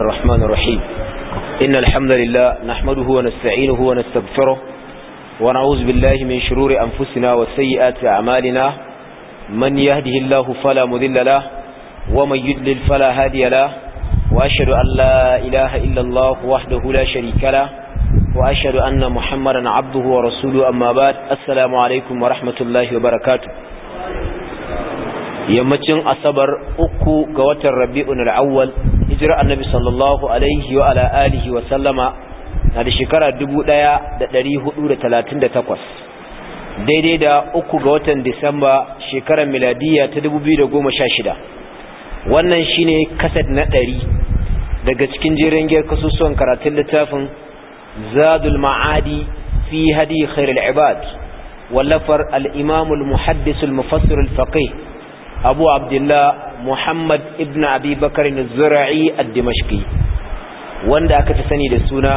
الرحمن الرحيم إن الحمد لله نحمده ونستعينه ونستغفره ونعوذ بالله من شرور أنفسنا وسيئات أعمالنا من يهده الله فلا مذل له ومن يدلل فلا هادي له وأشهد أن لا إله إلا الله وحده لا شريك له وأشهد أن محمدا عبده ورسوله أما بعد السلام عليكم ورحمة الله وبركاته yammacin asabar uku ga watan rabi'un al'awwal hijira annabi sallallahu alaihi wa ala alihi wa sallama na da shekara 1438 daidai da uku ga watan disamba shekarar miladiya ta 2016 wannan shine kasad na ɗari daga cikin jerin giyar kasusuwan karatun littafin zadul ma'adi fi hadi khairul ibad wallafar al-imamul muhaddisul mufassirul faqih abu abdullah Muhammad ibn Abi Bakar az-Zura'i dimashqi wanda aka fi sani da suna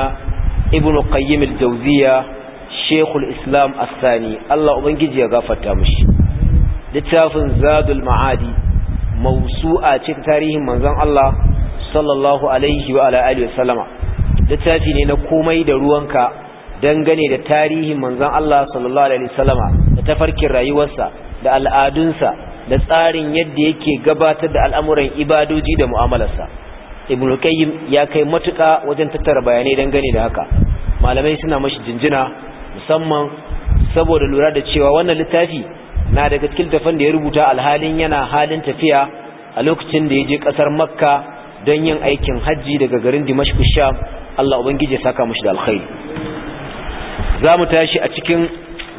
Ibn Qayyim al-Jawziyya Islam As-Sani Allah ubangiji ya gafarta mishi littafin Zadul Ma'adi mawsu'a cikin tarihin manzon Allah sallallahu alaihi wa ala alihi wasallama littafi ne na komai da ruwanka dangane da tarihin manzon Allah sallallahu alaihi wasallama da tafarkin rayuwarsa da al'adunsa da tsarin yadda yake gabatar da al'amuran ibadoji da mu'amalarsa ibn qayyim ya kai matuƙa wajen tattara bayanai dangane da haka malamai suna mashi jinjina musamman saboda lura da cewa wannan littafi na daga cikin tafan da ya rubuta alhalin yana halin tafiya a lokacin da ya je ƙasar makka don yin aikin hajji daga garin dimashq sham Allah ubangiji ya saka mashi da alkhairi za mu tashi a cikin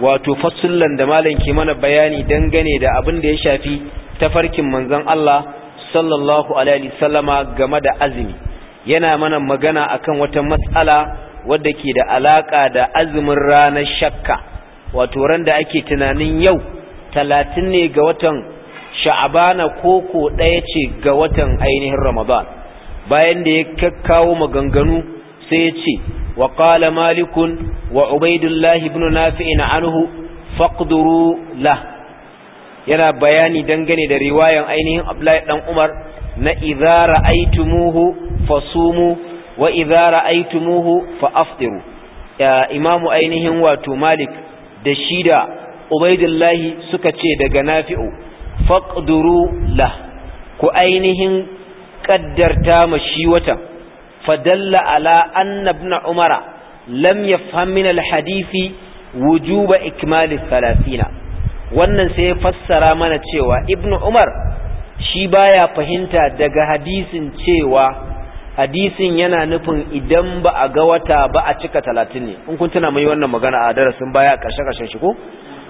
wato fasullan da malam ke mana bayani dangane da abin da ya shafi tafarkin manzon Allah sallallahu alaihi wasallama game da azumi yana mana magana akan wata matsala wadda ke da alaka da azumin ranar shakka wato ran da ake tunanin yau talatin ne ga watan sha'abana ko ko ɗaya ce ga watan ainihin ramadan bayan da ya kakkawo maganganu sai ya ce وقال malikun wa الله بن نافع عنه فاقدروا له ينا بياني دنگني da riwayan ainihin Abdullahi dan Umar na idza ra'aytumuhu fasumu wa idza ra'aytumuhu fa'aftiru imamu ainihin wato Malik da shida Ubaidullahi suka ce daga Nafi'u faqduru lah ku ainihin kaddarta ma shi watan فدل على أن ابن عمر لم يفهم من الحديث وجوب إكمال الثلاثين wannan sai ya fassara mana cewa ibnu umar shi baya fahimta daga hadisin cewa hadisin yana nufin idan ba a ga wata ba a cika talatin ne in kun tuna mai wannan magana a darasin baya ƙarshe ƙarshen shi ko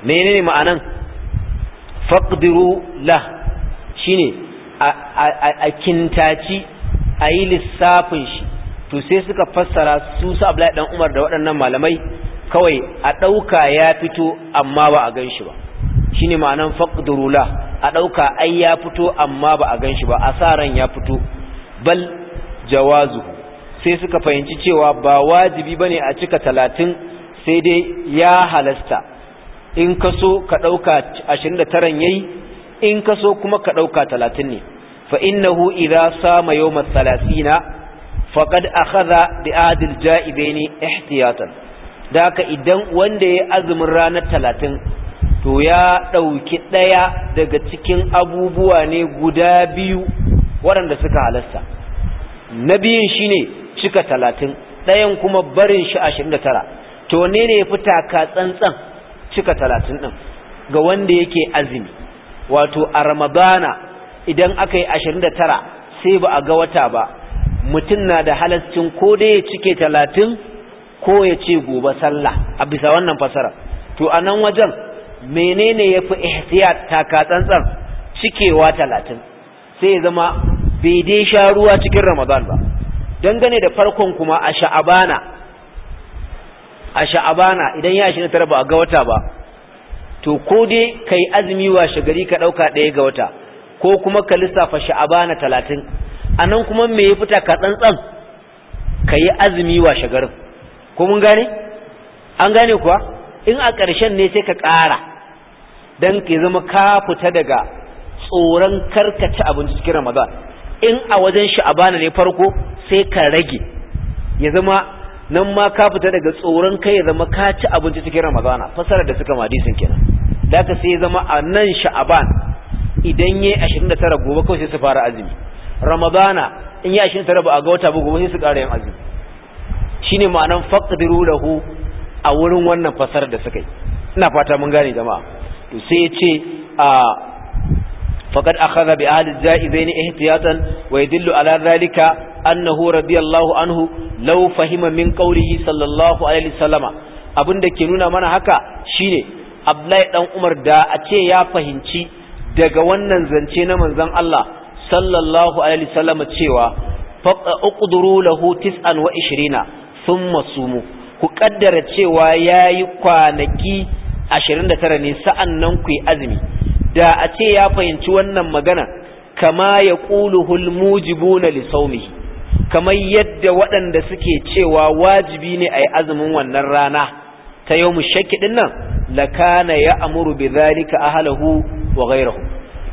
menene ma'anan faqdiru la shine a kintaci a yi lissafin shi to sai suka fassara su su abu dan umar da waɗannan malamai kawai a ɗauka ya fito amma ba a gan shi ba shi ne ma'anan faƙdurula a ɗauka ai ya fito amma ba a gan shi ba a sa ran ya fito bal jawazu sai suka fahimci cewa ba wajibi ba ne a cika talatin sai dai ya halasta in ka so ka ɗauka ashirin da taron ya yi in ka so kuma ka ɗauka talatin ne fa innahu idza sama yawm al-thalathina faqad akhadha bi adil ja'ibaini ihtiyatan daka idan wanda ya azumin ranar talatin. to ya dauki daya daga cikin abubuwa ne guda biyu waɗanda suka halasta na biyun shine cika talatin. dayan kuma barin shi 29 to ne ne fi taka tsantsan cika talatin din ga wanda yake azumi wato a ramadana idan aka yi ashirin da tara sai ba a ga wata ba mutum na da halascin ko dai ya cike talatin ko ya ce gobe sallah a bisa wannan fasara to a nan wajen menene ya fi ihtiyat taka tsantsan cikewa talatin sai ya zama bai dai sha ruwa cikin ramadan ba dangane da farkon kuma a sha'abana a sha'abana idan ya ashirin tara ba a ga wata ba to ko dai kai azumi wa shagari ka ɗauka ɗaya ga wata ko kuma ka lissafa sha'abana talatin a nan kuma me ya fita ka tsantsan ka yi azumi wa shagarin ko mun gane an gane kuwa in a ƙarshen ne sai ka ƙara don ka zama ka fita daga tsoron karkace abinci cikin ramadan in a wajen sha'abana ne farko sai ka rage ya zama nan ma ka fita daga tsoron kai ya zama ka ci abinci cikin ramadana fasarar da suka madisin kenan da ka sai ya zama a nan sha'aban idan yayi 29 gobe kawai sai su fara azumi ramadana in yayi 29 ba a ga wata ba gobe sai su ƙara yin azumi shine ma'anan da hu a wurin wannan fasar da suka yi ina fata mun gane jama'a to sai ya ce a a akhadha bi za'i al-ja'ibaini ihtiyatan wa dillu ala dhalika annahu radiyallahu anhu lau fahima min qawlihi sallallahu alaihi wasallama abinda ke nuna mana haka shine Abdullahi dan Umar da a ce ya fahimci daga wannan zance na manzon Allah sallallahu alaihi wasallam cewa faqduru lahu 29 thumma sumu ku kaddara cewa yayi kwanaki 29 ne sa'annan ku yi azumi da a ce ya fahimci wannan magana kama ya quluhul mujibuna li sawmihi kamar yadda waɗanda suke cewa wajibi ne a yi azumin wannan rana ta yau shakki din nan lakana ya bi zalika ahlahu wa ghayruhu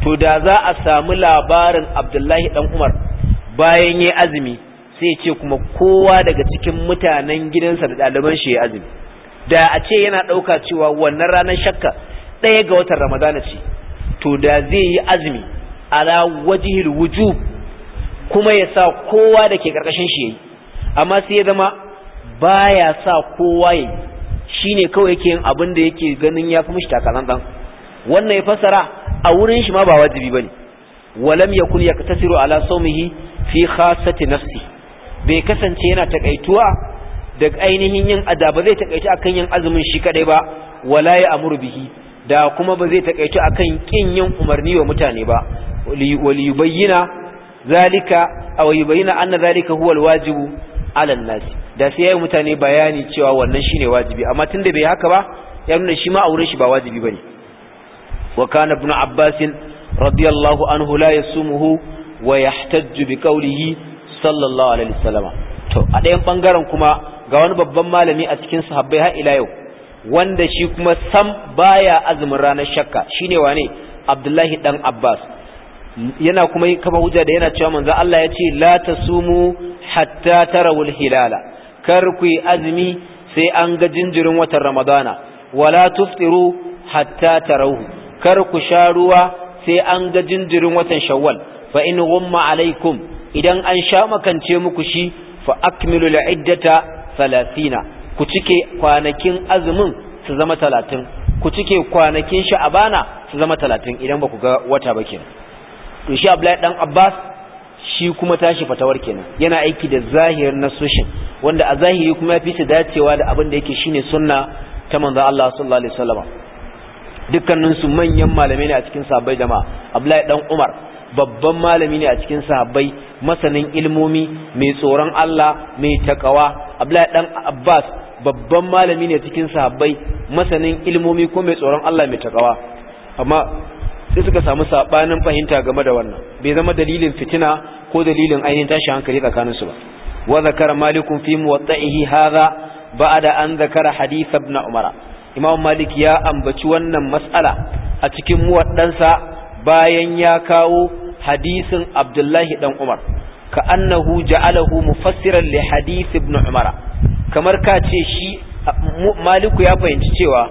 to da za a samu labarin Abdullahi dan Umar bayan yayi azumi sai ce kuma kowa daga cikin mutanen gidansa da ɗaliban shi ya azumi da a ce yana ɗauka cewa wannan ranar shakka ɗaya ga watan ramadana ce to da zai yi azumi ala wajihil wujub kuma ya sa kowa da ke ƙarƙashin shi yayi amma sai ya zama baya sa kowa yayi Shi ne kawai yake yin abin da yake ganin ya fi mishi wannan ya fassara a wurin shi ma ba wajibi ba ne, walam yakun yaktasiru ala sawmihi fi khasati nafsi bai kasance yana takaituwa da ainihin yin adaba zai takaitu akan yin azumin shi kadai ba wala ya amuru bihi da kuma ba zai takaitu akan kin yin umarni wa mutane ba wali yubayyana zalika aw yubayyana anna zalika huwa alwajibu alan nasi da sai yayi mutane bayani cewa wannan shine wajibi amma tunda bai haka ba ya nuna shi ma auren shi ba wajibi bane wa kana ibn abbas radiyallahu anhu la yasumuhu wa yahtajju bi qawlihi sallallahu alaihi wasallam to a ɗayan bangaren kuma ga wani babban malami a cikin sahabbai har ila yau wanda shi kuma sam baya azumin ranar shakka shine wane abdullahi dan abbas yana kuma kama hujja da yana cewa manzo Allah ya ce la tasumu hatta tarawul hilala kar ku yi azumi sai an ga jinjirin watan ramadana wala tuftiru hatta tarawu kar ku sha ruwa sai an ga jinjirin watan shawwal fa in gumma alaikum idan an sha makance muku shi fa akmilu al'iddata 30 ku cike kwanakin azumin su zama 30 ku cike kwanakin sha'abana su zama talatin idan ba ku ga wata ba kenan to shi Abdullahi dan Abbas shi kuma tashi fatawar kenan yana aiki da zahirin nasoshin wanda a zahiri kuma fi su dacewa da abin da yake shine sunna ta manzon Allah sallallahu alaihi wasallam dukkanin su manyan malamai ne a cikin sahabbai jama'a Abdullahi dan Umar babban malami ne a cikin sahabbai masanin ilmomi mai tsoron Allah mai takawa Abdullahi dan Abbas babban malami ne cikin sahabbai masanin ilmomi ko mai tsoron Allah mai takawa amma sai suka samu sabanin fahimta game da wannan bai zama dalilin fitina ko dalilin ainihin tashi hankali tsakanin su ba wa zakara malikun fi muwatta'ihi hadha ba'da an zakara hadith ibn umara imam malik ya ambaci wannan matsala a cikin muwaddansa bayan ya kawo hadisin abdullahi dan umar ka annahu ja'alahu mufassiran li hadith ibn umara kamar ka ce shi maliku ya fahimci cewa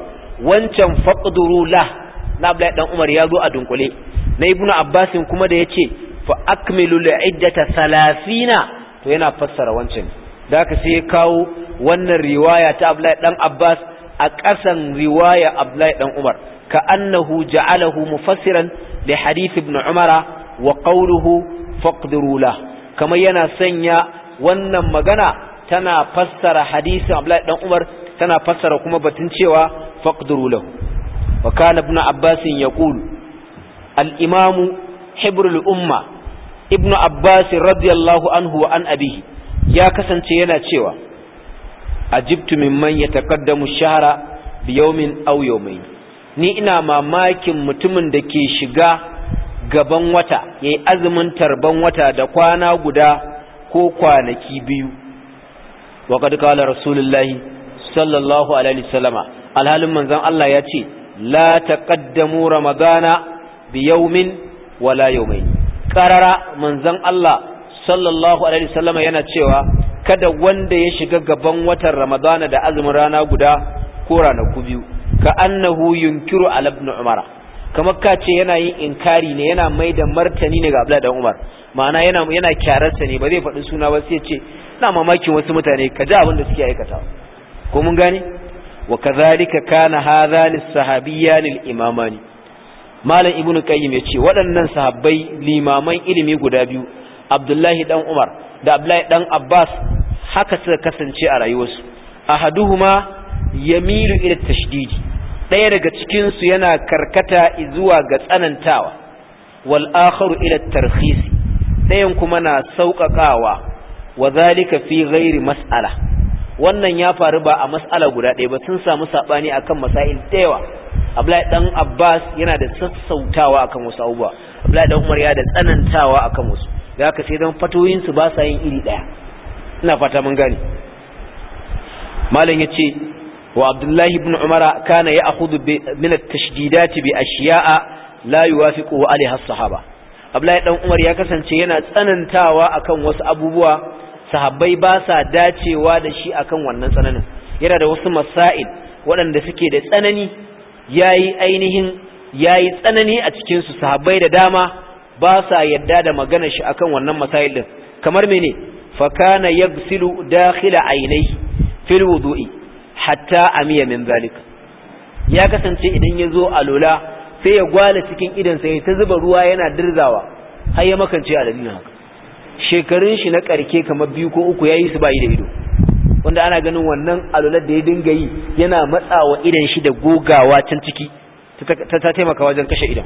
wancan faqduru lah na Abdullahi dan Umar ya zo a dunkule na ibnu Abbas kuma da yace fa akmilu al-iddata salasina to yana fassara wancan da aka sai kawo wannan riwaya ta Abdullahi dan Abbas a ƙasan riwaya Abdullahi dan Umar ka annahu ja'alahu mufassiran li hadith Ibn Umara wa qawluhu faqdiru la kamar yana sanya wannan magana tana fassara hadisin Abdullahi dan Umar tana fassara kuma batun cewa faqdiru وكان ابن ibn يقول yaqul al الأمة hibrul umma ibn الله radiyallahu anhu أبيه an abihi ya kasance yana cewa من يتقدم الشهر بيوم أو يومين mai ni ina mamakin mutumin da ke shiga gaban wata yayi azumin tarban wata da kwana guda ko kwanaki biyu wa qad qala rasulullahi sallallahu alaihi wasallama alhalin manzon Allah ya ce la taqaddamu ramadana bi yawmin wala yawmayn qarara manzon Allah sallallahu alaihi wasallam yana cewa kada wanda ya shiga gaban watan ramadana da azumin rana guda ko ranaku biyu ka annahu yunkiru ala ibn umara kamar ka ce yana yin inkari ne yana mai da martani ne ga abdullahi dan umar ma'ana yana yana kyararsa ne ba zai faɗi suna ba sai ce ina mamakin wasu mutane ka ji abin da suke aikata ko mun gane wa kadhalika kana hadhan as-sahabiyyan al-imamani malam ibnu qayyim yace waɗannan sahabbai limaman ilimi guda biyu abdullahi ɗan umar da abdullahi ɗan abbas haka suka kasance a rayuwarsu ma yamilu ila tashdidi ɗaya daga cikinsu yana karkata zuwa ga tsanantawa wal akharu ila tarkhis ɗayan kuma na sauƙaƙawa wa zalika fi ghairi mas'ala wannan ya faru ba a mas'ala guda ɗaya ba sun samu saɓani akan masail tewa abu Abdullahi dan Abbas yana da sassautawa akan wasu abubuwa Abdullahi dan Umar yana da tsanantawa akan wasu da haka sai don fatoyinsu ba sa yin iri ɗaya ina fata mun gane malam ce wa Abdullahi ibn umara kana ya min at bi ashiya'a la yuwafiqu alaiha as-sahaba Abdullahi ɗan Umar ya kasance yana tsanantawa akan wasu abubuwa sahabbai ba sa dacewa da shi akan wannan tsananin yana da wasu masail waɗanda suke da tsanani yayi ainihin yayi tsanani a cikin su sahabbai da dama ba sa yadda da magana shi akan wannan masail din kamar mene fa kana yagsilu dakhila aynai fil wudu'i hatta amiya min zalika, ya kasance idan ya zo a alola sai ya gwala cikin idan sai ta zuba ruwa yana dirzawa har ya makance a dalilin haka shekarun shi na karke kamar biyu ko uku yayi su bayi da ido wanda ana ganin wannan alular da ya dinga yi yana matsawa idan shi da gogawa can ciki ta ta taimaka wajen kashe idan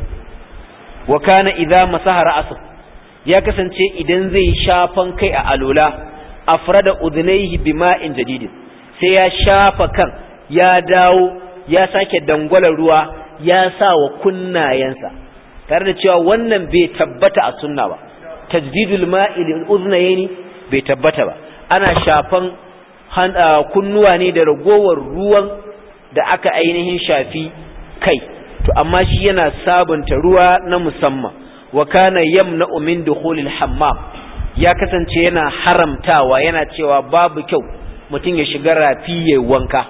wa kana idza masaha ra'su ya kasance idan zai shafan kai a alula afrada udhnayhi bima'in jadid sai ya shafa kan ya dawo ya sake dangwala ruwa ya sa wa kunnayensa tare da cewa wannan bai tabbata a sunna ba tajdidul ma'i lil bai tabbata ba ana shafan kunnuwa ne da ragowar ruwan da aka ainihin shafi kai to amma shi yana sabunta ruwa na musamman wa kana yamna'u min dukhulil hammam ya kasance yana haramtawa yana cewa babu kyau mutum ya shiga rafi ya wanka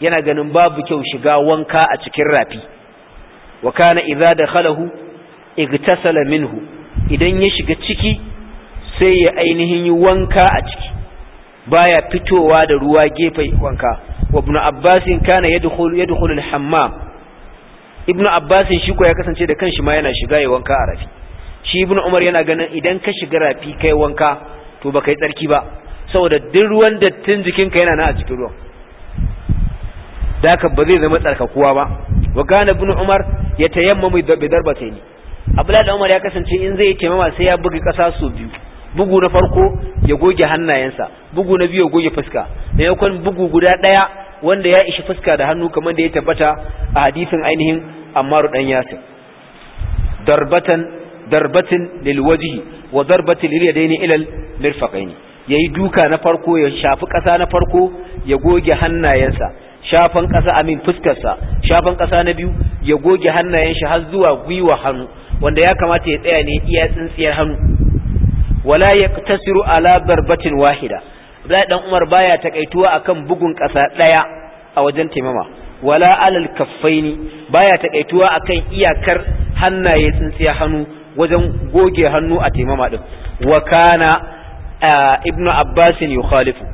yana ganin babu kyau shiga wanka a cikin rafi wa kana idza dakhalahu igtasala minhu idan ya shiga ciki sai ya ainihin yi wanka a ciki baya fitowa da ruwa gefe wanka wa ibn abbas kana yadkhulu yadkhulu al-hammam ibn abbas shi ko ya kasance da kanshi ma yana shiga yayin wanka a rafi shi ibn umar yana ganin idan ka shiga rafi kai wanka to baka yi tsarki ba saboda duk ruwan dattin jikinka yana nan a cikin ruwan da ba zai zama tsarkakuwa ba wa kana ibn umar yatayammamu bi darbatayni abdullahi da umar ya kasance in zai taimama sai ya bugi kasa sau biyu bugu na farko ya goge hannayensa bugu na biyu ya goge fuska maimakon bugu guda daya wanda ya ishi fuska da hannu kamar da ya tabbata a hadisin ainihin ammaru dan yasir darbatan darbatin lil wajhi wa darbatin yadaini ilal mirfaqaini yayi duka na farko ya shafi ƙasa na farko ya goge hannayensa shafan ƙasa amin fuskarsa shafan kasa na biyu ya goge hannayen shi har zuwa gwiwa hannu wanda ya kamata ya tsaya ne iya tsintsiyar hannu wala tasiru ala barbatin wahida Abdullahi dan Umar baya takaituwa akan bugun kasa daya a wajen taimama wala alal kaffaini baya takaituwa akan iyakar hannaye tsintsiyar hannu wajen goge hannu a taimama din wa kana ibnu Abbas yukhalifu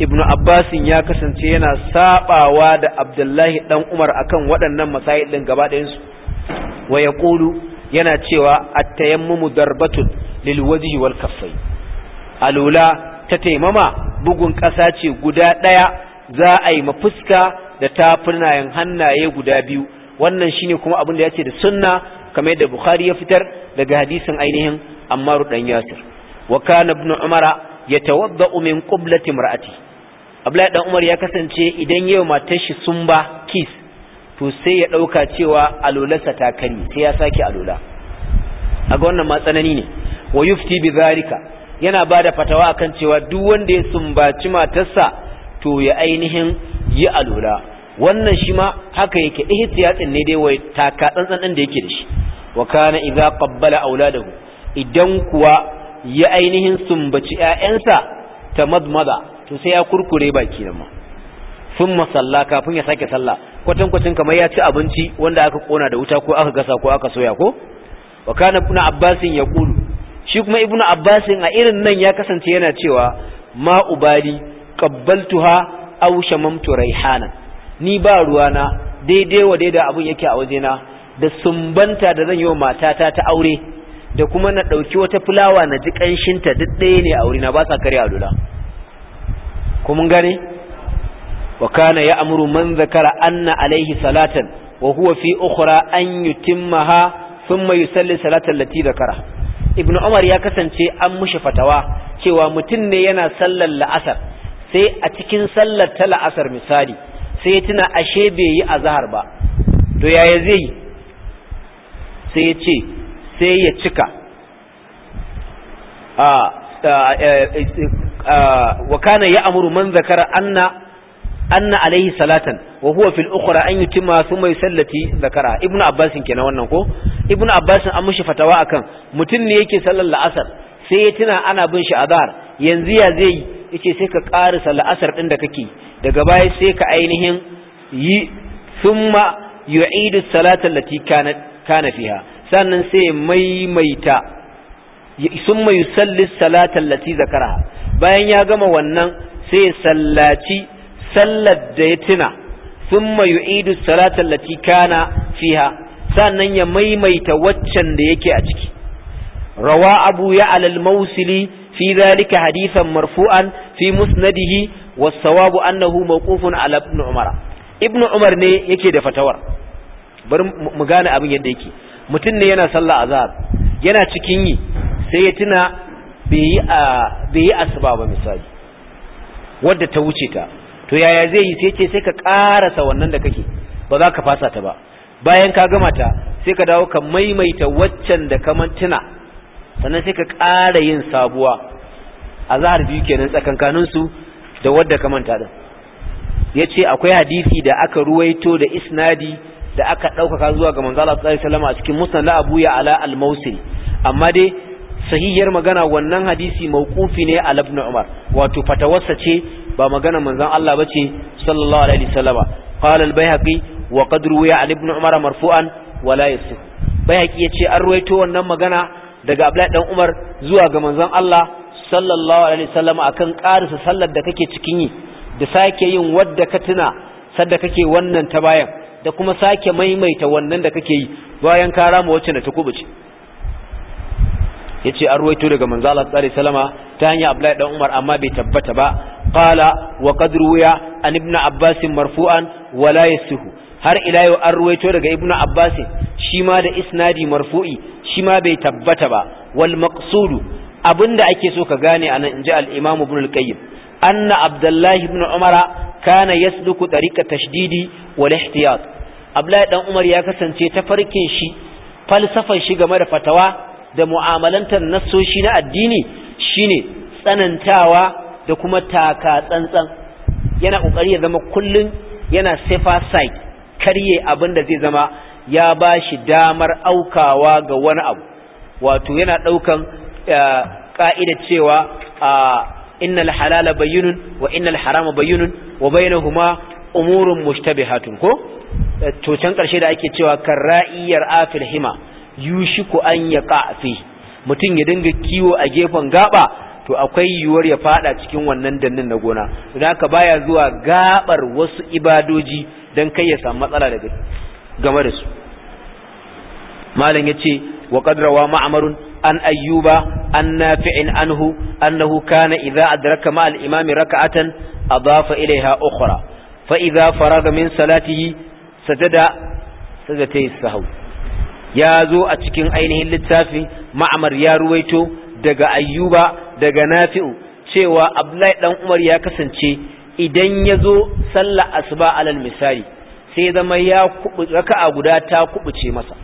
ibnu Abbas ya kasance yana sabawa da Abdullahi dan Umar akan waɗannan masail din gaba ɗayan su wa yaqulu yana cewa at-tayammumu darbatun lil wajhi wal kaffai alula ta taimama bugun ƙasa ce guda ɗaya za a yi mafuska da tafinayen hannaye guda biyu wannan shine kuma abin da ce da sunna kamar yadda bukhari ya fitar daga hadisin ainihin ammaru dan yasir wa kana ibn umara yatawaddau min qiblati imraati abdullahi dan umar ya kasance idan yau matar shi sun ba kiss to sai ya ɗauka cewa alolarsa ta kari sai ya sake alola a ga wannan matsanani ne wa yufti bi zalika yana ba da fatawa akan cewa duk wanda ya sumbaci matarsa to ya ainihin yi alola wannan shi ma haka yake ihtiyatsin ne dai wai taka tsantsan din da yake da shi wa kana idza qabbala auladahu idan kuwa ya ainihin sumbaci ƴaƴansa tamadmada to sai ya kurkure baki nan ma thumma salla kafin ya sake sallah kwatankwacin kamar ya ci abinci wanda aka kona da wuta ko aka gasa ko aka soya ko wa kana ibnu abbasin ya kulu shi kuma ibnu abbasin a irin nan ya kasance yana cewa ma ubali qabbaltuha aw shamamtu raihana ni ba ruwa na daidai wa daidai abun yake a waje na da sumbanta da zan yi wa matata ta aure da kuma na ɗauki wata fulawa na ji ƙanshinta duk ɗaya ne a wurina ba sa kare a lula ko mun gane wa kana ya'muru man anna alaihi salatan wa huwa fi ukhra an yutimmaha thumma yusalli salatan lati zakara ibn umar ya kasance an mushi fatawa cewa mutum ne yana sallar la'asar sai a cikin sallar ta la'asar misali sai ya tuna ashe bai yi azhar ba to yaya zai yi sai ya ce sai ya cika Wakana kana ya amuru anna anna alaihi salatan wa huwa fil ukhra an yutima thumma yusallati zakara ibnu abbas kenan wannan ko ibnu abbas an mushi fatawa akan mutun ne yake sallar la'asar sai ya tuna ana bin shi azhar yanzu ya zai yace sai ka karisa la'asar din da kake daga baya sai ka ainihin yi thumma yu'idu salatan lati kana fiha sannan sai maimaita thumma yusalli salatan lati zakara bayan ya gama wannan sai sallaci sallar da ya tuna sun mayu yu'idu salatar lati kana fiha sannan ya maimaita waccan da yake a ciki rawa abu ya alal mausili fi zalika hadisan marfu'an fi musnadihi wa sawabu annahu mawqufun ala ibn umara ibn umar ne yake da fatawar bari mu gane abin yadda yake mutum ne yana sallah azhar yana cikin yi sai ya tuna bai yi asuba ba misali wadda ta wuce ta to yaya zai yi sai ce sai ka karasa wannan da kake ba za ka fasa ta ba bayan ka gama ta sai ka dawo ka maimaita waccan da ka mantuna sannan sai ka ƙara yin sabuwa a zahar biyu kenan tsakankanin su da wadda ka manta din yace akwai hadisi da aka ruwaito da isnadi da aka ɗaukaka zuwa ga manzo Allah sallallahu alaihi a cikin musnad a Abu Ya'la al-Mawsil amma dai sahihiyar magana wannan hadisi mauqufi ne a Ibn Umar wato fatawarsa ce ba magana manzon Allah bace sallallahu alaihi wasallama qala al bayhaqi wa qad ruwiya an ibn umar marfu'an wala yasih bayhaqi yace an ruwaito wannan magana daga Abdullahi dan Umar zuwa ga manzon Allah sallallahu alaihi wasallama akan karisa sallar da kake cikin yi da sake yin wadda ka tuna sadda kake wannan ta bayan da kuma sake maimaita wannan da kake yi bayan ka rama wacce na ta kubuce yace an ruwaito daga manzan Allah sallallahu alaihi wasallama ta hanya Abdullahi dan Umar amma bai tabbata ba قال وقد روي عن ابن عباس مرفوعا ولا يصح har ila yau an ruwaito daga ibnu abbas shi ma da isnadi marfu'i shi ma bai tabbata ba wal maqsudu abinda ake so ka gane anan inji al imam ibn al qayyim anna abdullahi ibn umara kana yasluku tariqa tashdidi wal ihtiyat abdullahi dan umar ya kasance ta farkin shi falsafar shi game da fatawa da mu'amalantar nassoshi na addini shine tsanantawa da kuma taka tsantsan yana ƙoƙari ya zama kullum. yana safe side karye abin da zai zama ya ba shi damar aukawa ga wani abu wato yana ɗaukan ka'ida eh, cewa innal halala bayyinun wa innal harama bayyinun wa bainahuma umurun mushtabihatun ko eh, to can karshe da ake cewa kan ra'iyar afil hima yushiku an ya fi mutun ya dinga kiwo a gefen gaba to akwai yiwuwar ya fada cikin wannan dannin na gona don haka baya zuwa gabar wasu ibadoji dan kai ya samu matsala daga game da su malam yace wa qad rawa ma'marun an ayyuba an nafi'in anhu annahu kana idza adraka ma imami raka'atan rak'atan adafa ilayha ukhra fa idza faraga min salatihi sajada sajdatay sahw ya zo a cikin ainihin littafin ma'mar ya ruwaito daga ayyuba daga nafi'u cewa abdullahi dan umar ya kasance idan ya zo sallah asuba alal misali sai zama ya raka'a guda ta kubuce masa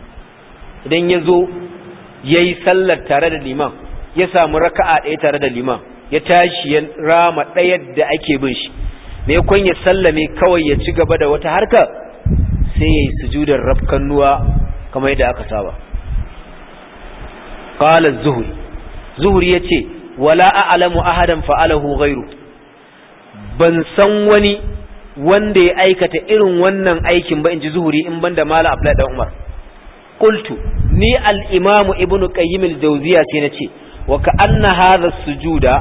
idan ya zo ya yi sallar tare da liman ya samu raka'a ɗaya tare da liman ya tashi ya rama ɗaya da ake bin shi mai kwan ya sallame kawai ya ci gaba da wata harka sai ya yi sujudar rafkannuwa kamar yadda aka saba ƙalar zuhuri zuhuri ya ce wala a'lamu ahadan fa'alahu ghairu ban san wani wanda ya aikata irin wannan aikin ba inji zuhuri in banda mala abdullahi dan umar qultu ni al-imamu ibnu qayyim al-jawziya sai nace wa ka anna hadha sujuda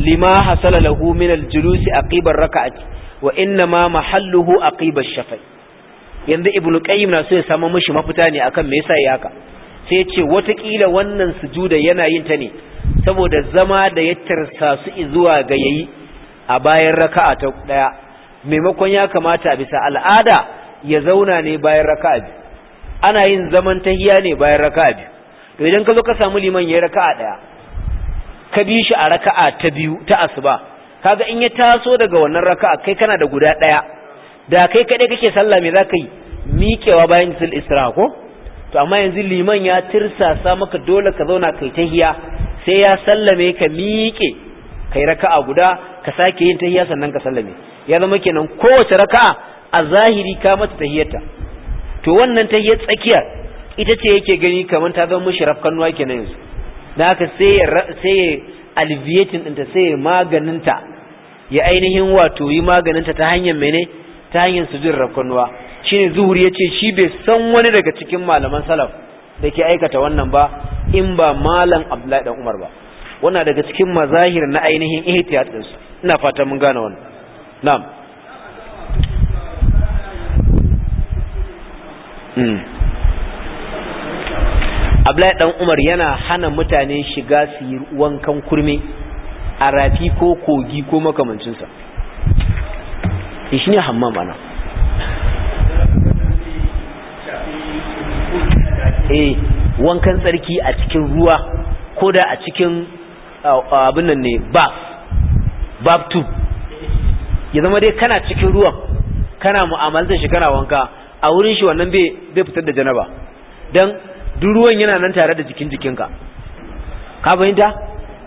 lima hasala lahu min al-julusi aqiba ar-rak'ati wa inna ma mahalluhu aqiba ash-shafai yanzu ibnu qayyim na so ya samu mishi mafita ne akan me yasa haka sai ya ce watakila wannan sujuda yana yin ta ne saboda zama da ya tarsa su zuwa ga yayi a bayan raka'a ta daya maimakon ya kamata a bisa al'ada ya zauna ne bayan raka'a ana yin zaman tahiya ne bayan raka'a biyu to idan ka zo ka samu liman ya raka'a daya ka bi shi a raka'a ta biyu ta asuba kaga in ya taso daga wannan raka'a kai kana da guda daya da kai kadai kake sallah me zaka yi miƙewa bayan sul isra ko to amma yanzu liman ya tirsasa maka dole ka zauna kai tahiya sai ya sallame ka miƙe kai raka'a guda ka sake yin tahiyya sannan ka sallame ya zama kenan kowace raka'a a zahiri ka mata tahiyyarta to wannan tahiyyar tsakiya ita ce yake gani kamar ta zama mishi rafkanuwa kenan yanzu da haka sai ya sai ɗinta sai ya maganinta ya ainihin wato yi maganinta ta hanyar mene ta hanyar su sujud rafkanuwa shine zuhuri yace shi bai san wani daga cikin malaman salaf da ke aikata wannan ba in ba malam abdullahi dan umar ba wannan daga cikin mazahir na ainihin ihtiyat din su ina fata mun gane wannan na'am mm abdullahi dan umar yana hana mutane shiga su yi wankan kurme a rafi ko kogi ko makamancinsa eh, shi ne hammam ana eh wankan tsarki a cikin ruwa ko da a cikin abin nan ne baf baf tub ya zama dai kana cikin ruwan kana mu'amalta shi kana wanka a wurin shi wannan bai fitar da janaba don duk ruwan yana nan tare da jikin jikinka ka fahimta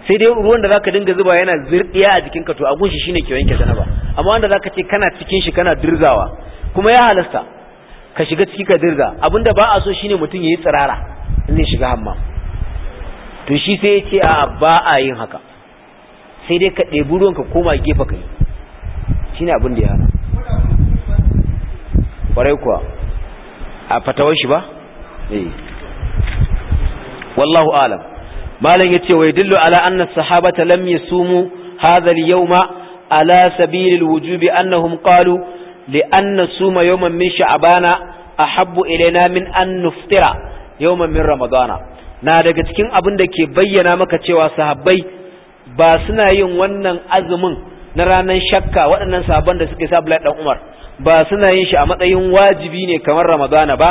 sai dai ruwan da zaka dinga zuba yana zirdiya a jikinka to abun shi shine ke wanke janaba amma wanda zaka ce kana cikin shi kana dirzawa kuma ya halasta ka shiga ciki ka dirza abinda ba a so shine mutum ya yi tsirara shiga hammam to shi sai ya ce a ba a yin haka sai dai ka ɗebi ruwan ka koma gefe ka yi shi ne abin da ya hana ƙwarai kuwa a fatawar shi ba? Eh. wallahu alam malam ya ce wai dillu ala anna sahabata lam yasumu hadha al-yawma ala sabil wujubi annahum qalu li anna suma yawman min sha'bana ahabbu ilayna min an nuftira yawman min ramadana na daga cikin abin da ke bayyana maka cewa sahabbai ba suna yin wannan azumin na ranar shakka waɗannan sahabban da suke sa Abdullahi dan Umar ba suna yin shi a matsayin wajibi ne kamar ramadana ba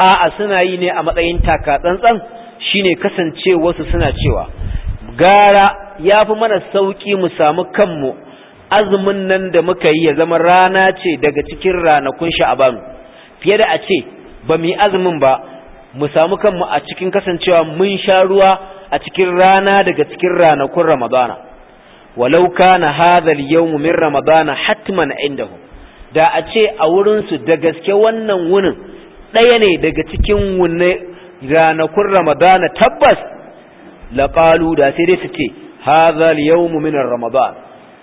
a'a suna yi ne a matsayin taka tsantsan shine su suna cewa gara ya fi mana sauki mu samu kanmu azumin nan da muka yi ya zama rana ce daga cikin ranakun sha'aban fiye da a ce ba mu yi azumin ba mu samu kanmu a cikin kasancewa mun sha ruwa a cikin rana daga cikin ranakun ramadana walau kana hadha al-yawm min ramadana hatman indahu da a ce a wurin su da gaske wannan wunin daya ne daga cikin ranakun ramadana tabbas qalu da sai dai su ce hadha al-yawm min ramadan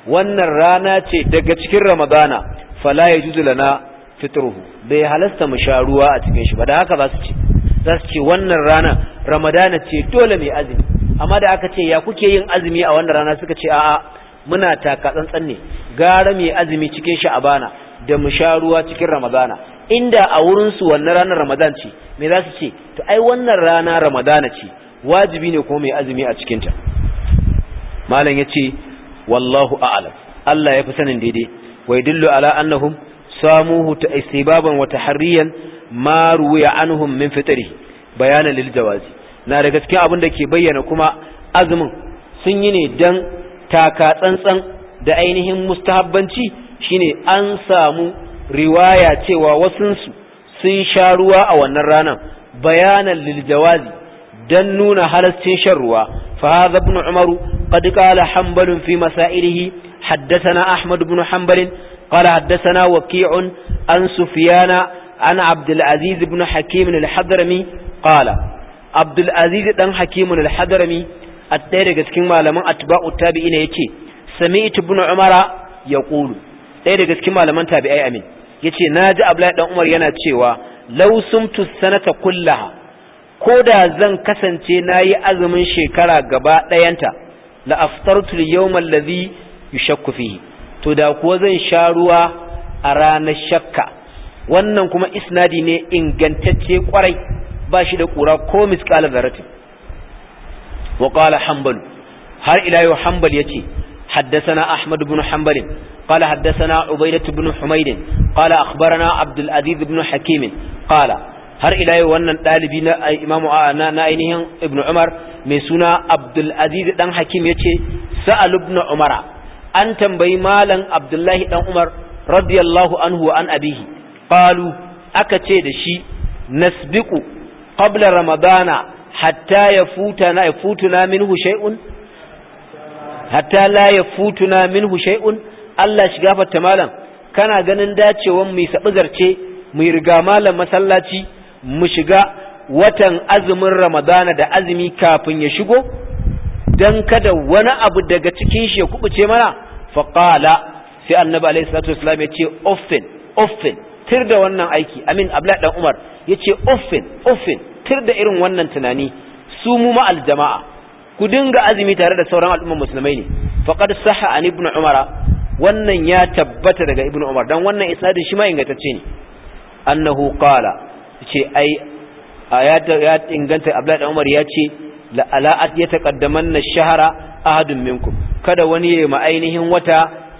wannan rana ce daga cikin ramadana fala yajuzu lana fitruhu bai halasta mu sha ruwa a cikin shi ba da haka za su ce za su ce wannan rana ramadana ce dole mai azumi amma da aka ce ya kuke yin azumi a wannan rana suka ce a'a muna taka tsantsan ne gara mai azumi cikin sha'abana da mu sha ruwa cikin ramadana inda a wurinsu su wannan ranar ramadan ce me za su ce to ai wannan rana ramadana ce wajibi ne kuma mai azumi a cikin ta malam yace wallahu a'lam Allah ya fi sanin daidai wa yadullu ala annahum samuhu ta wata wa tahriyan ma ruwiya anhum min fitri bayanan lil na da cikin abin da ke bayyana kuma azumin sun yi ne dan taka tsantsan da ainihin mustahabbanci shine an samu riwaya cewa wasunsu sun sha ruwa a wannan ranar bayanan lil jawazi dan nuna halascin shan ruwa fa hadha umaru qad qala hanbalun fi masailihi حدثنا أحمد بن حنبل قال حدثنا وكيع عن سفيان ana abdulaziz ibn hakim al-hadrami qala abdulaziz dan hakim al-hadrami a ɗaya daga cikin malaman atba'u tabi'ina yace sami'tu ibn umara yaqulu ɗaya daga cikin malaman tabi'ai amin yace na ji abdullahi dan umar yana cewa law sumtu sanata kullaha ko da zan kasance nayi azumin shekara gaba ɗayanta la aftartu al-yawma alladhi yushakku fihi to da kuwa zan sha ruwa a ranar shakka wannan kuma isnadi ne ingantacce kwarai ba shi da kura ko misqal zaratin wa qala hanbal har ila yau hanbal yace حدثنا ahmad بن حنبل قال حدثنا عبيدة بن حميد قال أخبرنا عبد العزيز بن حكيم قال har ila yau wannan ɗalibi na imamu na ainihin ibn umar mai suna abdulaziz dan hakim ya ce sa'al ibn umara an tambayi malam abdullahi dan umar radiyallahu anhu an abihi qalu aka ce da shi nasbiqu kabla ramadana hatta yafutana yafutuna minhu shay'un hatta la yafutuna minhu shay'un Allah shi gafarta malam kana ganin dacewan mu sabi zarce mu riga malam masallaci mu shiga watan azumin ramadana da azumi kafin ya shigo dan kada wani abu daga cikin shi ya kubuce mana Faƙala. sai annabi alaihi salatu wasallam ya ce often often tir da wannan aiki amin abdullahi dan umar yace uffin uffin tir da irin wannan tunani su mu ma aljama'a ku dinga azumi tare da sauran al'umman musulmai ne faqad sahha an ibn umar wannan ya tabbata daga ibn umar dan wannan isnadin shi ma ingantacce ne annahu qala yace ai ya inganta abdullahi dan umar yace la ala'at ya taqaddamanna shahara ahadun minkum kada wani yayi ma ainihin wata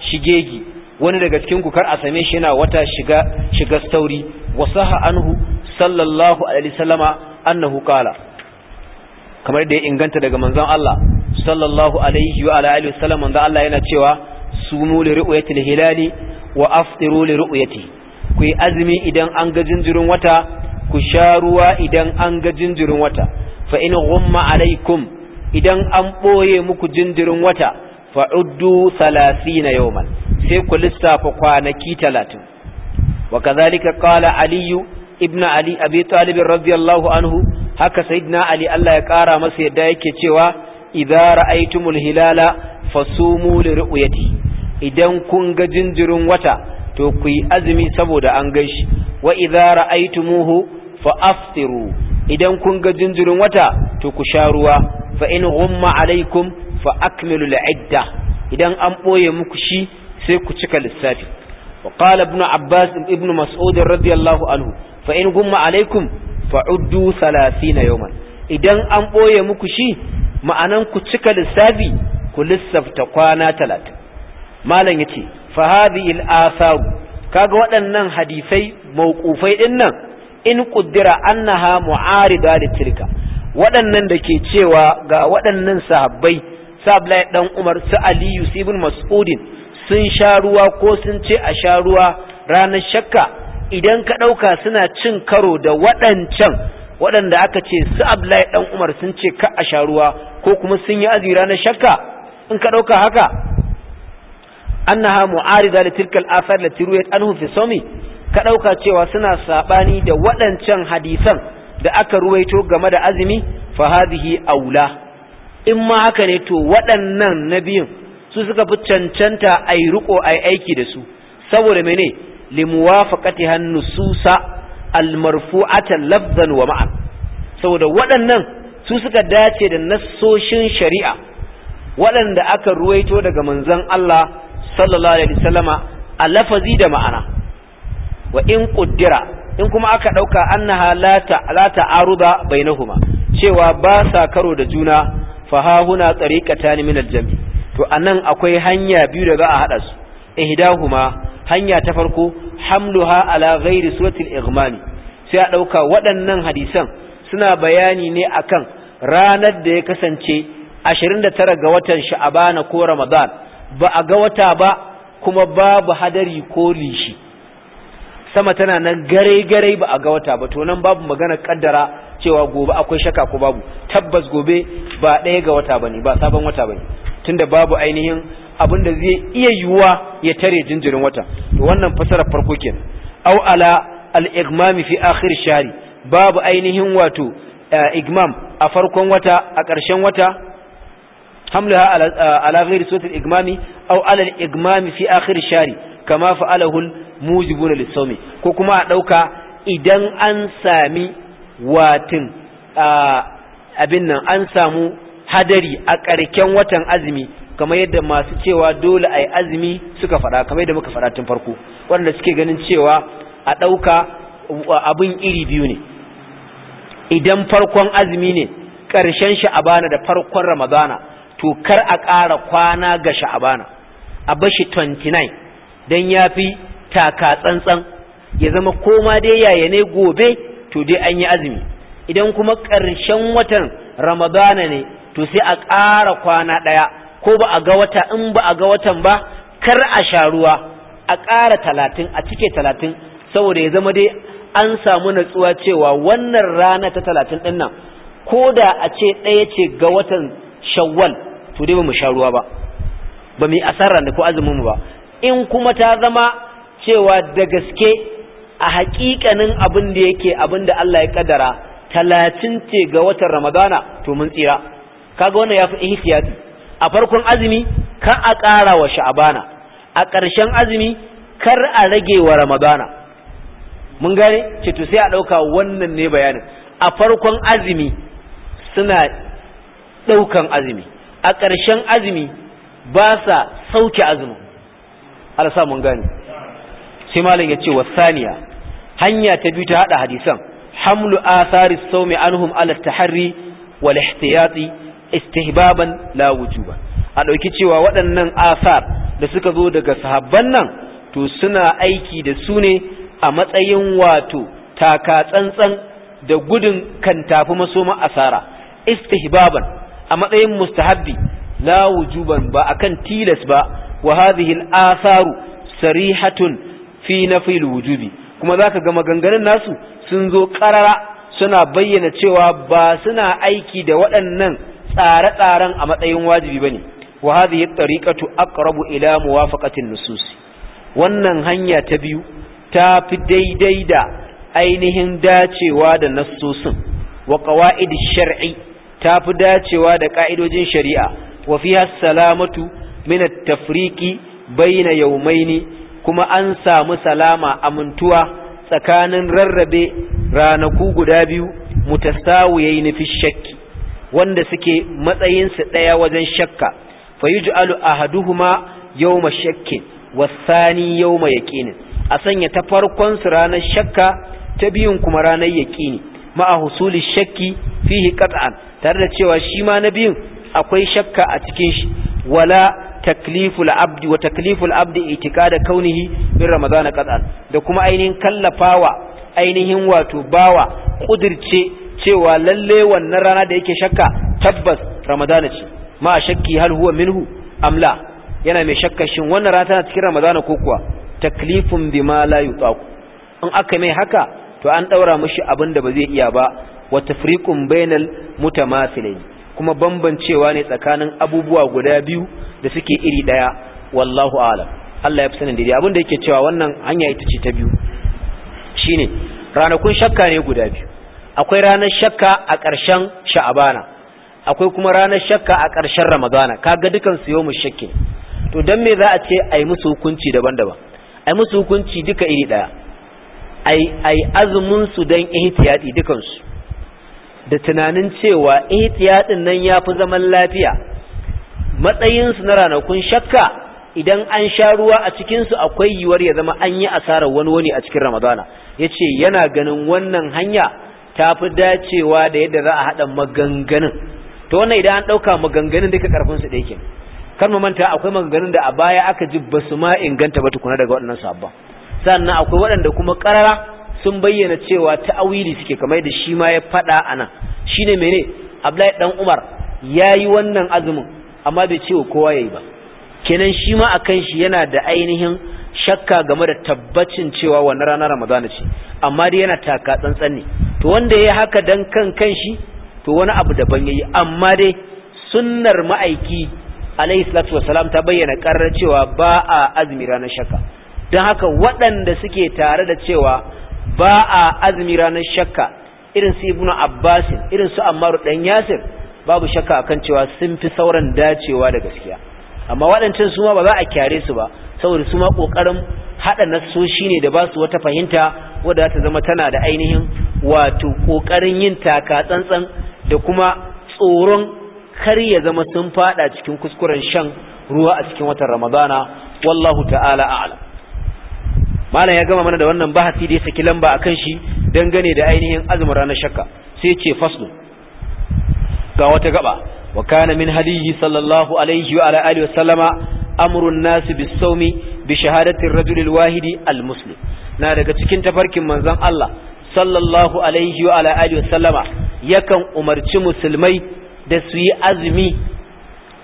shigegi wani daga cikin ku kar a same shi yana wata shiga shiga stauri saha anhu sallallahu alaihi wasallama annahu qala kamar da ya inganta daga manzon Allah sallallahu alaihi wa alihi wasallam da Allah yana cewa sumu li ru'yatil hilali wa aftiru li ru'yati ku yi azumi idan an ga jinjirin wata ku sha ruwa idan an ga jinjirin wata fa in ghumma alaikum idan an boye muku jinjirin wata fa'uddu 30 yawman sai ku lissafa kwanaki talatin wa kazalika qala aliyu ibn ali abi talib radiyallahu anhu haka sayyidina ali Allah ya kara masa yadda yake cewa idza ra'aytumul hilala fasumu li ru'yati idan kun ga jinjirin wata to ku yi azumi saboda an gaishi wa idza ra'aytumuhu fa aftiru idan kun ga jinjirin wata to ku sha ruwa fa in ghumma alaikum fa akmilu al'idda idan an boye muku shi sai ku cika lissafi wa qala ibn abbas ibn mas'ud radiyallahu anhu fa in gumma alaikum fa'uddu 30 yawman idan an boye muku shi ma'anan ku cika lissafi ku lissafta kwana 30 malam yace fa hadhihi al-athar kaga waɗannan hadisai mauqufai dinnan in quddira annaha mu'arida litilka waɗannan da ke cewa ga waɗannan sahabbai sa ɗan dan Umar su Aliyu Ibn Mas'udin sun sha ruwa ko sun ce a sha ruwa ranar shakka idan ka ɗauka suna cin karo da waɗancan waɗanda aka ce su Abdullahi ɗan Umar sun ce ka a sha ruwa ko kuma sun yi azumi ranar shakka in ka ɗauka haka annaha mu'arida li tilkal afar lati ruwayat anhu fi sawmi ka ɗauka cewa suna saɓani da waɗancan hadisan da aka ruwaito game da azumi fa hadhihi aula in ma haka ne to waɗannan na biyun su suka fi cancanta a yi riko a aiki da su saboda mene limuwafaqati hannususa almarfu'ata lafzan wa ma'an saboda waɗannan su suka dace da nasoshin shari'a waɗanda aka ruwaito daga manzon Allah sallallahu alaihi wasallama a lafazi da ma'ana wa in ƙuddira in kuma aka ɗauka dauka annaha la ta bai ta'aruda bainahuma cewa ba sa karo da juna fa ha huna tariqatan min aljami to anan akwai hanya biyu da za a hada su ihdahuma hanya ta farko hamluha ala ghairi suratul ighmani sai a dauka waɗannan hadisan suna bayani ne akan ranar da ya kasance 29 ga watan sha'abana ko ramadan ba a ga wata ba kuma babu hadari ko lishi sama tana nan gare-gare ba a ga wata ba to nan babu magana kaddara cewa gobe akwai shaka ko babu tabbas gobe ba ɗaya ga wata bane ba sabon wata bane tunda babu ainihin abin da zai iya yiwuwa ya tare jinjirin wata to wannan fasara farko kenan au ala al fi akhir shari babu ainihin wato eh, igmam a farkon wata a ƙarshen wata hamlaha eh, ala ghairi sawt al-igmami aw ala al fi akhir shari kama fa'alahu al-mujibuna lis-sawmi ko kuma a dauka idan an sami watin eh, abin nan an samu hadari a ƙarken watan azumi kamar yadda masu cewa dole a yi azumi suka faɗa kamar yadda muka faɗa tun farko waɗanda suke ganin cewa a ɗauka abin iri biyu ne idan farkon azumi ne ƙarshen sha'abana da farkon ramadana to kar a ƙara kwana ga sha'abana a bashi 29 don ya fi taka tsantsan ya zama koma dai yaya ne gobe to dai an yi azumi idan kuma ƙarshen watan ramadana ne to sai a ƙara kwana ɗaya ko ba a ga wata in ba a ga watan ba kar a sha ruwa a ƙara talatin a cike talatin saboda ya zama dai an samu natsuwa cewa wannan rana ta talatin ɗin nan ko da a ce ɗaya ce ga watan shawwal to dai ba mu sha ruwa ba ba mu yi asarar da ko azumin mu ba in kuma ta zama cewa da gaske a haƙiƙanin abin da yake abin da Allah ya kaddara talatin ce ga watan Ramadana to mun tsira kaga wannan yafi ihtiyati a farkon azumi kar a ƙara wa sha'abana, a ƙarshen azumi kar a rage wa ramadana mun gane ce to sai a ɗauka wannan ne bayanin a farkon azumi suna ɗaukan azumi a ƙarshen azumi ba sa sauke azumin alasa mun gane sai malam ya ce wasaniya hanya ta biyu ta hada hadisan hamlu asari saumi anhum ala taharri wal ihtiyati istihbaban la wujuba a ɗauki cewa waɗannan asar da suka zo daga sahabban nan to suna aiki da su ne a matsayin wato taka tsantsan da gudun kan tafi maso ma'asara, asara istihbaban a matsayin mustahabbi la wujuban ba kan tilas ba wa hadhihi al-atharu sarihatun fi nafi al-wujubi kuma zaka ga maganganun nasu sun zo karara suna bayyana cewa ba suna aiki da waɗannan tsare-tsaren a matsayin wajibi bane wa hadhihi at-tariqatu aqrabu ila muwafaqati nususi wannan hanya ta biyu ta fi daidai da ainihin dacewa da nasusun wa ƙawa'id shar'i ta fi dacewa da ƙa'idojin shari'a wa fiha salamatu min tafriki tafriqi bayna yawmaini kuma an samu salama amintuwa tsakanin rarrabe ranaku guda biyu mutasawiyai yi fi shakki wanda suke matsayinsu ɗaya wajen shakka fa yuj'alu yau ma shakkin wasani ma yaqinin a sanya ta farkon su ranar shakka ta biyun kuma ranar yaƙini ma'a husuli shakki fihi qat'an tare da cewa shi ma na biyun akwai shakka a cikin shi wala takliful abdi wa takliful abdi itiqada kaunihi min Ramadana qad'an da kuma ainihin kallafawa ainihin wato bawa kudirce cewa lalle wannan rana da yake shakka tabbas ramadana ce ma shakki hal huwa minhu amla yana mai shakka shin wannan rana tana cikin ramadana ko kuwa taklifun bima la yutaqu in aka mai haka to an daura mishi abin da ba zai iya ba wa tafriqun bainal mutamathilin kuma bambancewa ne tsakanin abubuwa guda biyu da suke iri daya wallahu a'lam Allah ya fi sanin daidai abin da yake cewa wannan hanya ita ce ta biyu shine ranakun shakka ne guda biyu akwai ranar shakka a ƙarshen sha'abana akwai kuma ranar shakka a ƙarshen ramadana kaga dukan su yau shakki to dan me za a ce ai musu hukunci daban-daban ai musu hukunci duka iri daya ai ai azumin su dan ihtiyati dukan su da tunanin cewa ihtiyatin nan ya fi zaman lafiya matsayinsu na ranakun shakka idan an sha ruwa a cikinsu akwai yiwuwar ya zama an yi asarar wani wani a cikin ramadana ya yana ganin wannan hanya ta fi dacewa da yadda za a haɗa maganganun to wannan idan an ɗauka maganganun duka ƙarfinsu ɗaya ke kan manta akwai maganganun da a baya aka ji ba su ma inganta ba tukuna daga waɗannan sabon sannan akwai waɗanda kuma ƙarara sun bayyana cewa ta'awili suke kamar da shi ma ya faɗa a nan shi ne mene abdullahi ɗan umar yayi wannan azumin amma bai ce kowa yayi ba kenan shi ma a shi yana da ainihin shakka game da tabbacin cewa wannan rana ramadana ce amma dai yana taka tsantsan ne to wanda ya haka dan kan kan shi to wani abu daban yayi amma dai sunnar ma'aiki alayhi salatu wasalam ta bayyana karar cewa ba a azumi ranar shakka don haka waɗanda suke tare da cewa ba a azumi ranar shakka irin su ibnu abbasin irin su ammaru dan yasir babu shakka akan cewa sun fi sauran dacewa da gaskiya amma waɗancan su ma ba za a kyare su ba saboda su ma ƙoƙarin haɗa shi ne da ba su wata fahimta wadda za ta zama tana da ainihin wato ƙoƙarin yin taka tsantsan da kuma tsoron kar ya zama sun faɗa cikin kuskuren shan ruwa a cikin watan ramadana wallahu ta'ala a'lam malam ya gama mana da wannan bahasi da ya saki lamba akan shi dangane da ainihin azumin ranar shakka sai ce faslu ga wata gaba وكان من هديه صلى الله عليه وعلى آله وسلم أمر الناس بالصوم بشهادة الرجل الواحد المسلم نادك تكين تفركم من ذن الله صلى الله عليه وعلى آله وسلم يكن أمرت مسلمي دسوي أزمي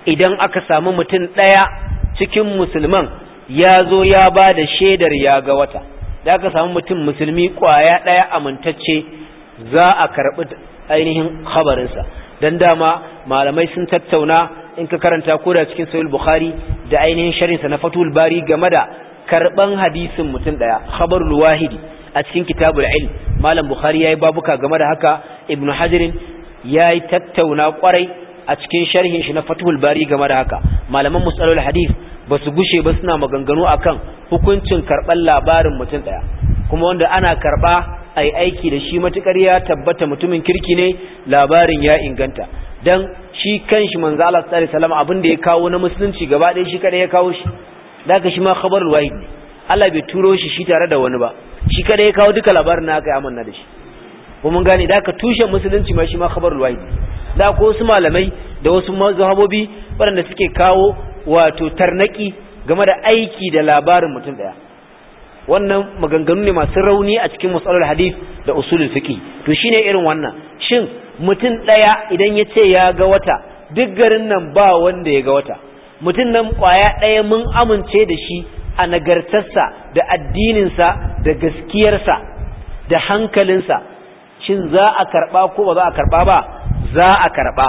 idan aka samu mutum ɗaya cikin musulman ya zo ya ba da shaidar ya ga wata da aka samu mutum musulmi ƙwaya ɗaya amintacce za a karɓi ainihin habarinsa dan dama malamai sun tattauna in ka karanta ko da cikin sahih bukhari da ainihin sharhin sa na fatul bari game da karban hadisin mutum daya khabarul wahidi a cikin kitabul ilm malam bukhari yayi babuka game da haka ibnu hajar yayi tattauna kwarai a cikin sharhin shi na fatul bari game da haka malaman musalul hadis ba su gushe ba suna maganganu akan hukuncin karban labarin mutum daya kuma wanda ana karba a yi aiki da shi matukar ya tabbata mutumin kirki ne labarin ya inganta don shi kanshi manzo Allah sallallahu alaihi wasallam abin da ya kawo na musulunci gaba ɗaya shi kada ya kawo shi daga shi ma khabarul wahid ne Allah bai turo shi shi tare da wani ba shi kada ya kawo duka labarin na ya amanna da shi ko mun gane da ka tushen musulunci ma shi ma khabarul wahid da ko wasu malamai da wasu mazhabobi waɗanda suke kawo wato tarnaki game da aiki da labarin mutum daya wannan maganganu ne masu rauni a cikin matsalar hadith da usulul fiqi to shine irin wannan shin mutum daya idan ya ce ya ga wata duk garin nan ba wanda ya ga wata mutum nan kwaya daya mun amince da shi a nagartarsa da addininsa da gaskiyarsa da hankalinsa shin za a karba ko ba za a karba ba za a karba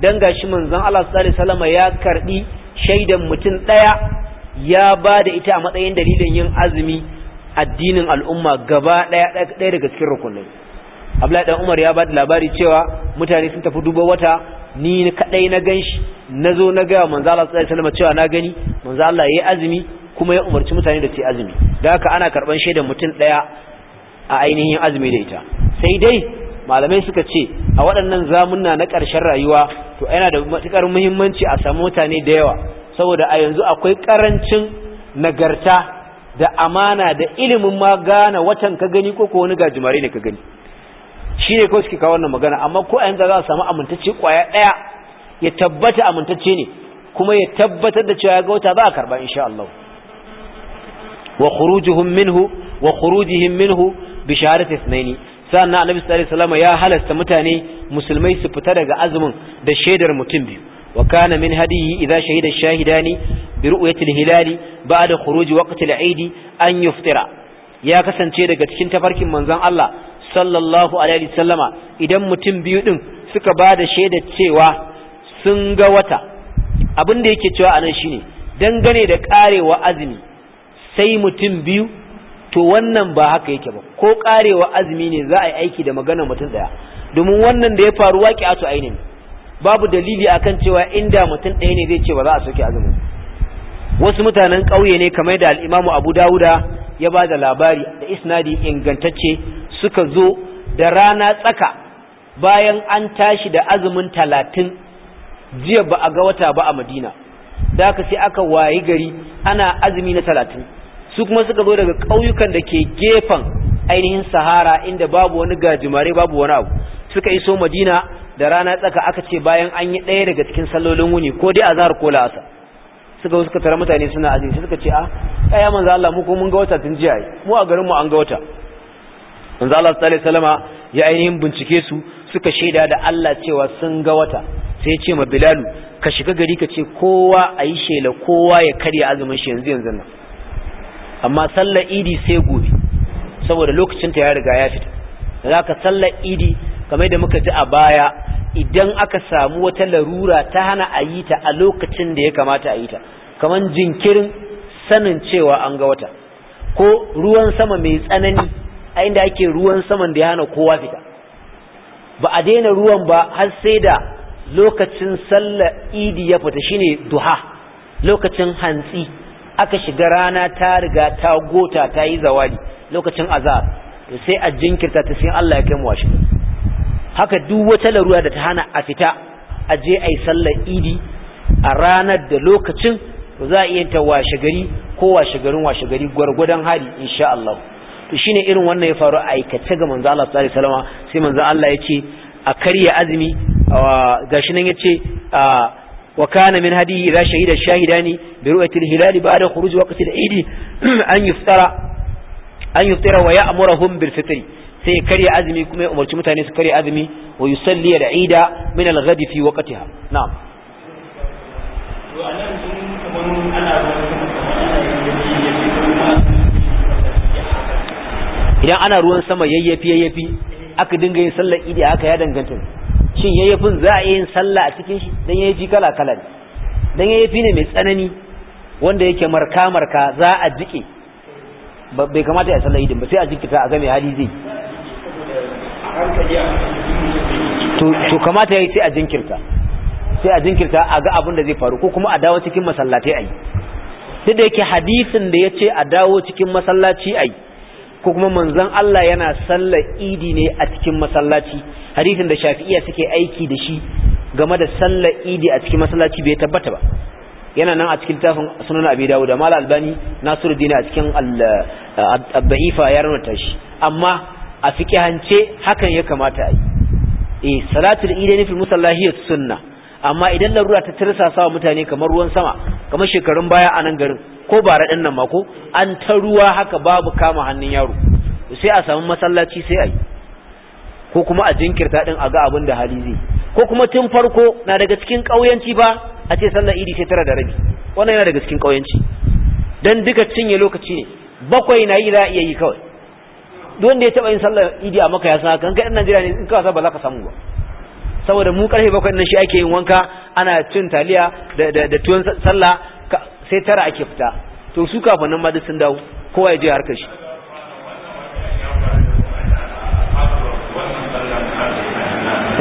dan gashi manzon Allah sallallahu alaihi wasallam ya karbi shaidan mutum daya ya ba da ita a matsayin dalilin yin azumi addinin al'umma gaba ɗaya ɗaya daga cikin rukunai abdullahi dan umar ya ba da labari cewa mutane sun tafi dubo wata ni kadai na ganshi na zo na ga manzo Allah sallallahu alaihi wasallam cewa na gani manzo Allah yayi azumi kuma ya umarci mutane da su azumi da haka ana karban shaidan mutum ɗaya a ainihin azumi da ita sai dai malamai suka ce a waɗannan zamunna na ƙarshen rayuwa to yana da matukar muhimmanci a samu mutane da yawa saboda a yanzu akwai karancin nagarta da amana da ilimin ma gane watan ka gani ko ko wani gajimare ne ka gani shi ne kawai suke kawo wannan magana amma ko a yanzu za a samu amintacce kwaya ɗaya ya tabbata amintacce ne kuma ya tabbatar da cewa ya ga wata za a karɓa insha Allah wa khurujuhum minhu wa khurujihim minhu bi shahadati ithnaini sannan annabi sallallahu alaihi wasallam ya halasta mutane musulmai su fita daga azumin da shaidar mutum biyu وكان من هديه إذا شهد الشاهدان برؤية الهلال بعد خروج وقت العيد أن يفطر يا كسن تيرك تشين تفرك منزان الله صلى الله عليه وسلم إذا متم بيؤن سك بعد شهد تشيوا سنغ وتا abin da yake cewa anan shine dangane da karewa azumi sai mutum biyu to wannan ba haka yake ba ko karewa azumi ne za a yi aiki da maganar mutum daya domin wannan da ya faru wake atu ainihin babu dalili akan cewa inda mutum ɗaya ne zai ce ba za a soke azumi. wasu mutanen ƙauye ne kamar da al'imamu abu dawuda ya ba da labari da isnadi ingantacce suka zo da rana tsaka bayan an tashi da azumin talatin jiya ba a ga wata ba a madina da aka sai aka wayi gari ana azumi na talatin su kuma suka zo daga ƙauyukan da ke gefen ainihin sahara inda babu wani gajimare babu wani abu suka iso madina da rana tsaka aka ce bayan an yi ɗaya daga cikin sallolin wuni ko dai a zahar ko la'asa suka suka tara mutane suna azumi suka ce a ah, kaya manzo Allah mu ko mun ga wata tun jiya mu a garin mu an ga wata manzo Allah sallallahu alaihi ya ainihin bincike su suka shaida da Allah cewa sun ga wata sai ya ce ma Bilalu ka shiga gari ka ce kowa ayi shela kowa ya karya azumin shi yanzu yanzu nan amma sallar idi sai gobe saboda lokacinta ya riga ya fita zaka sallar idi kamar da muka ji a baya idan aka samu wata larura ta hana a yi ta a lokacin da ya kamata a yi ta kamar jinkirin sanin cewa an ga wata ko ruwan sama mai tsanani a inda ake ruwan saman da ya hana kowa fita ba a daina ruwan ba har sai da lokacin sallar idi ya fita shine duha lokacin hantsi aka shiga rana ta riga ta gota ta yi zawali lokacin azar sai a jinkirta ta sai Allah ya kai mu washe haka duk wata larura da ta hana a fita a je a yi sallar idi a ranar da lokacin za a iya ta washe gari ko washe garin washe gari gwargwadon hari insha Allah to shine irin wannan ya faru aikace ga manzo Allah sallallahu alaihi wasallam sai manzo Allah ya ce a karya azumi gashi nan yace wa kana min hadi idha shahida shahidani bi ru'yati al-hilali ba'da khuruj waqti al-eid an yuftara an yuftara wa ya'muruhum bil fitri sai karya azumi kuma ya umarci mutane su karya azumi wa yusalli da ida min al-ghad fi waqtiha na'am idan ana ruwan sama yayyafi yayyafi aka dinga yin sallar idi haka ya danganta shin yayyafin za a yin sallah a cikin shi dan yayyafi kala kala ne dan yayyafi ne mai tsanani wanda yake marka marka za a jike bai kamata ya sallar idin ba sai a jikita a ga mai hali zai to kamata yayi sai a jinkirta sai a jinkirta a ga abin da zai faru ko kuma a dawo cikin masallatai ayi duk da yake hadisin da yace a dawo cikin masallaci ayi ko kuma manzon Allah yana sallar idi ne a cikin masallaci hadisin da Shafi'iyya suke aiki da shi game da sallar idi a cikin masallaci bai tabbata ba yana nan a cikin tafin sunan abi dawud da mal albani nasiruddin a cikin al-da'ifa ya shi amma a hance hakan ya kamata a yi eh salatul idaini fil musallahiyat sunna amma idan larura ta tirsa sawa mutane kamar ruwan sama kamar shekarun baya a nan garin ko bara din nan mako an ta ruwa haka babu kama hannun yaro sai a samu masallaci sai a yi ko kuma a jinkirta din a ga abin da hali zai ko kuma tun farko na daga cikin ƙauyanci ba a ce sallar idi sai tara da rabi wannan yana daga cikin ƙauyanci dan duka cinye lokaci ne bakwai na yi za a iya yi kawai duk wanda ya taba yin sallar idi a maka ya san haka in kai dan Najeriya ne in ka wasa ba za ka samu ba saboda mu karfe bakwai nan shi ake yin wanka ana cin taliya da da, da tuwon sallah sai tara ake fita to su kafin nan ma duk sun dawo kowa ya je harkar shi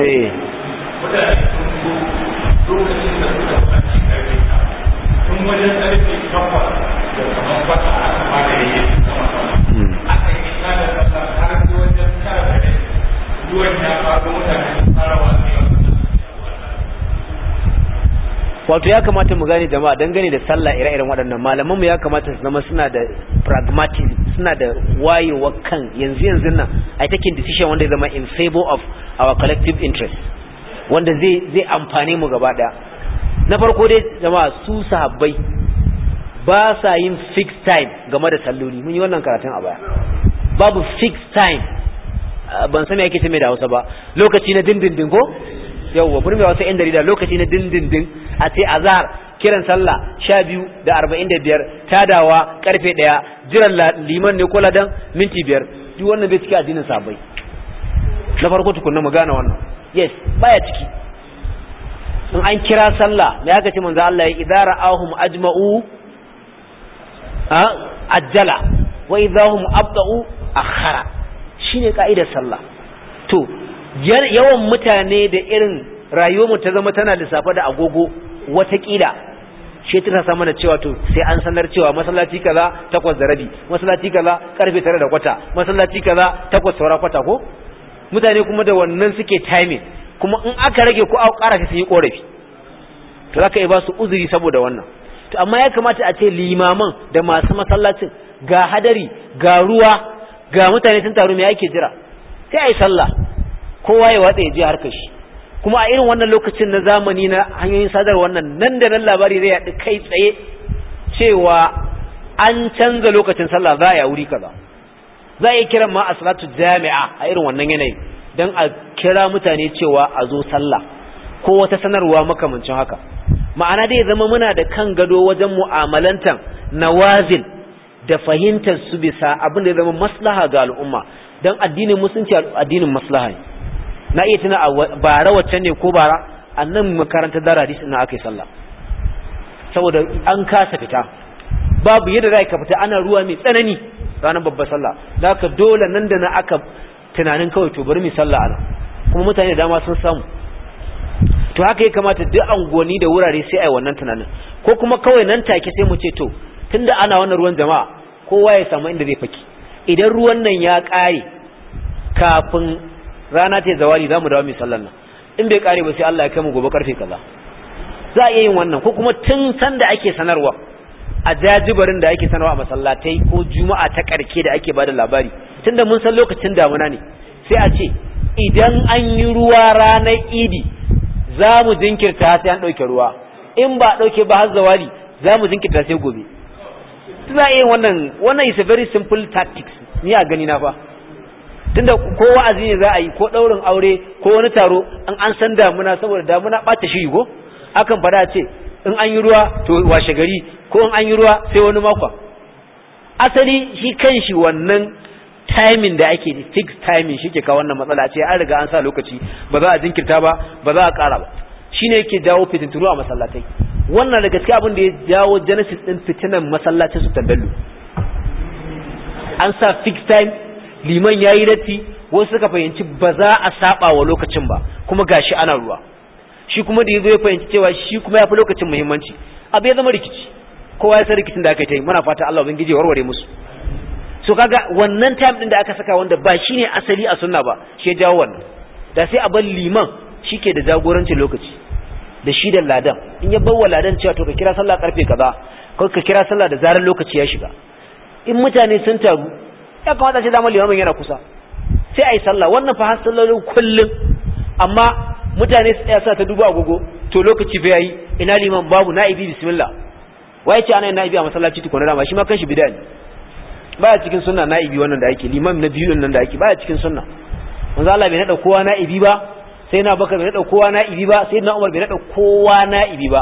eh wato ya kamata mu gane jama'a dangane da sallah ire-iren waɗannan malaman mu ya kamata su zama suna da pragmatic suna da wayewa kan yanzu yanzu nan ai taking decision wanda zama in favor of our collective interest wanda zai amfani mu gaba ɗaya na farko dai jama'a su sahabbai ba sa yin fixed time game da salloli mun yi wannan karatun a baya babu fixed time ban san me yake da Hausa ba lokaci na dindindin ko yawwa gurin mai wasu 'yan jarida lokaci na dindindin a ce azhar kiran sallah sha biyu da arba'in da biyar tadawa karfe ɗaya jiran liman ne ko ladan minti biyar duk wannan bai ciki addinin sabai na farko tukunna mu gane wannan yes baya ciki in an kira sallah me aka ce manzo Allah ya idara ahum ajma'u a ajjala wa idahum abda'u akhara shine ka'idar sallah to yawan mutane da irin rayuwarmu ta zama tana lissafa da agogo watakila shi ta sa mana cewa to sai an sanar cewa masallaci kaza takwas da rabi masallaci kaza karfe tare da kwata masallaci kaza takwas saura kwata ko mutane kuma da wannan suke timing kuma in aka rage ko aka ƙara sai yi korafi to zaka yi ba uzuri saboda wannan to amma ya kamata a ce limaman da masu masallacin ga hadari ga ruwa ga mutane sun taru me ake jira sai a yi sallah kowa ya watsa ya je harkar shi kuma a irin wannan lokacin na zamani na hanyoyin sadarwar wannan nan da nan labari zai yaɗu kai tsaye cewa an canza lokacin sallah za a yi wuri kaza za a yi kiran ma a salatu jami'a a irin wannan yanayi don a kira mutane cewa a zo sallah ko wata sanarwa makamancin haka ma'ana dai zama muna da kan gado wajen mu'amalantan nawazin da fahimtar su bisa abin da ya zama maslaha ga al'umma don addinin musulunci addinin maslaha ne na iya tuna bara wacce ne ko bara a nan makarantar dara hadisi na aka yi sallah saboda an kasa fita babu yadda za ka fita ana ruwa mai tsanani ranar babbar sallah da ka dole nan da na aka tunanin kawai to bari mai sallah ana kuma mutane da dama sun samu to haka ya kamata duk angoni da wurare sai a yi wannan tunanin ko kuma kawai nan take sai mu ce to tunda ana wannan ruwan jama'a kowa ya samu inda zai faki idan ruwan nan ya kare kafin rana ta zawali zamu dawo mai sallan nan in bai kare ba sai Allah ya kai mu gobe karfe kaza za a iya yin wannan ko kuma tun san da ake sanarwa a jajibarin da ake sanarwa a masallatai ko juma'a ta karke da ake bada labari tunda mun san lokacin damuna ne sai a ce idan an yi ruwa ranar idi za mu jinkirta sai an ɗauke ruwa in ba ɗauke ba har zawali za mu jinkirta sai gobe za yin wannan wannan is a very simple tactics ni a gani na fa tunda ko wa'azi ne za a yi ko daurin aure ko wani taro an an san damuna saboda damuna bata shi go akan fada ce in an yi ruwa to washe gari ko in an yi ruwa sai wani makwa asali shi kan shi wannan timing da ake fix timing shi ke kawo wannan matsala ce an riga an sa lokaci ba za a jinkirta ba ba za a kara ba shine yake jawo fitintunu a masallatai wannan da gaske abin da ya jawo genesis din fitinan masallacin su tabbalu an sa fix time liman yayi datti wasu suka fahimci ba za a saba wa lokacin ba kuma gashi ana ruwa shi kuma da yazo ya fahimci cewa shi kuma ya fi lokacin muhimmanci abu ya zama rikici kowa ya san rikicin da aka yi muna fata Allah ubangiji warware musu so kaga wannan time din da aka saka wanda ba shine asali a sunna ba shi ya jawo wannan da sai a bar liman shike da jagorancin lokaci da shi da ladan in ya bawa ladan cewa to ka kira sallah karfe kaza ko ka kira sallah da zarar lokaci ya shiga in mutane sun taru ya kamata ce zama limamin yana kusa sai ai sallah wannan fa hasallolin kullum amma mutane su tsaya sa ta duba agogo to lokaci bai yi ina liman babu na'ibi bismillah wai ce ana na'ibi a masallaci tukuna dama shi ma kanshi bid'a ne baya cikin sunna na'ibi wannan da ake liman na biyu nan da ake baya cikin sunna manzo Allah bai nada kowa na'ibi ba sai na bakar bai naɗa kowa ibi ba sai na umar bai naɗa kowa na ibi ba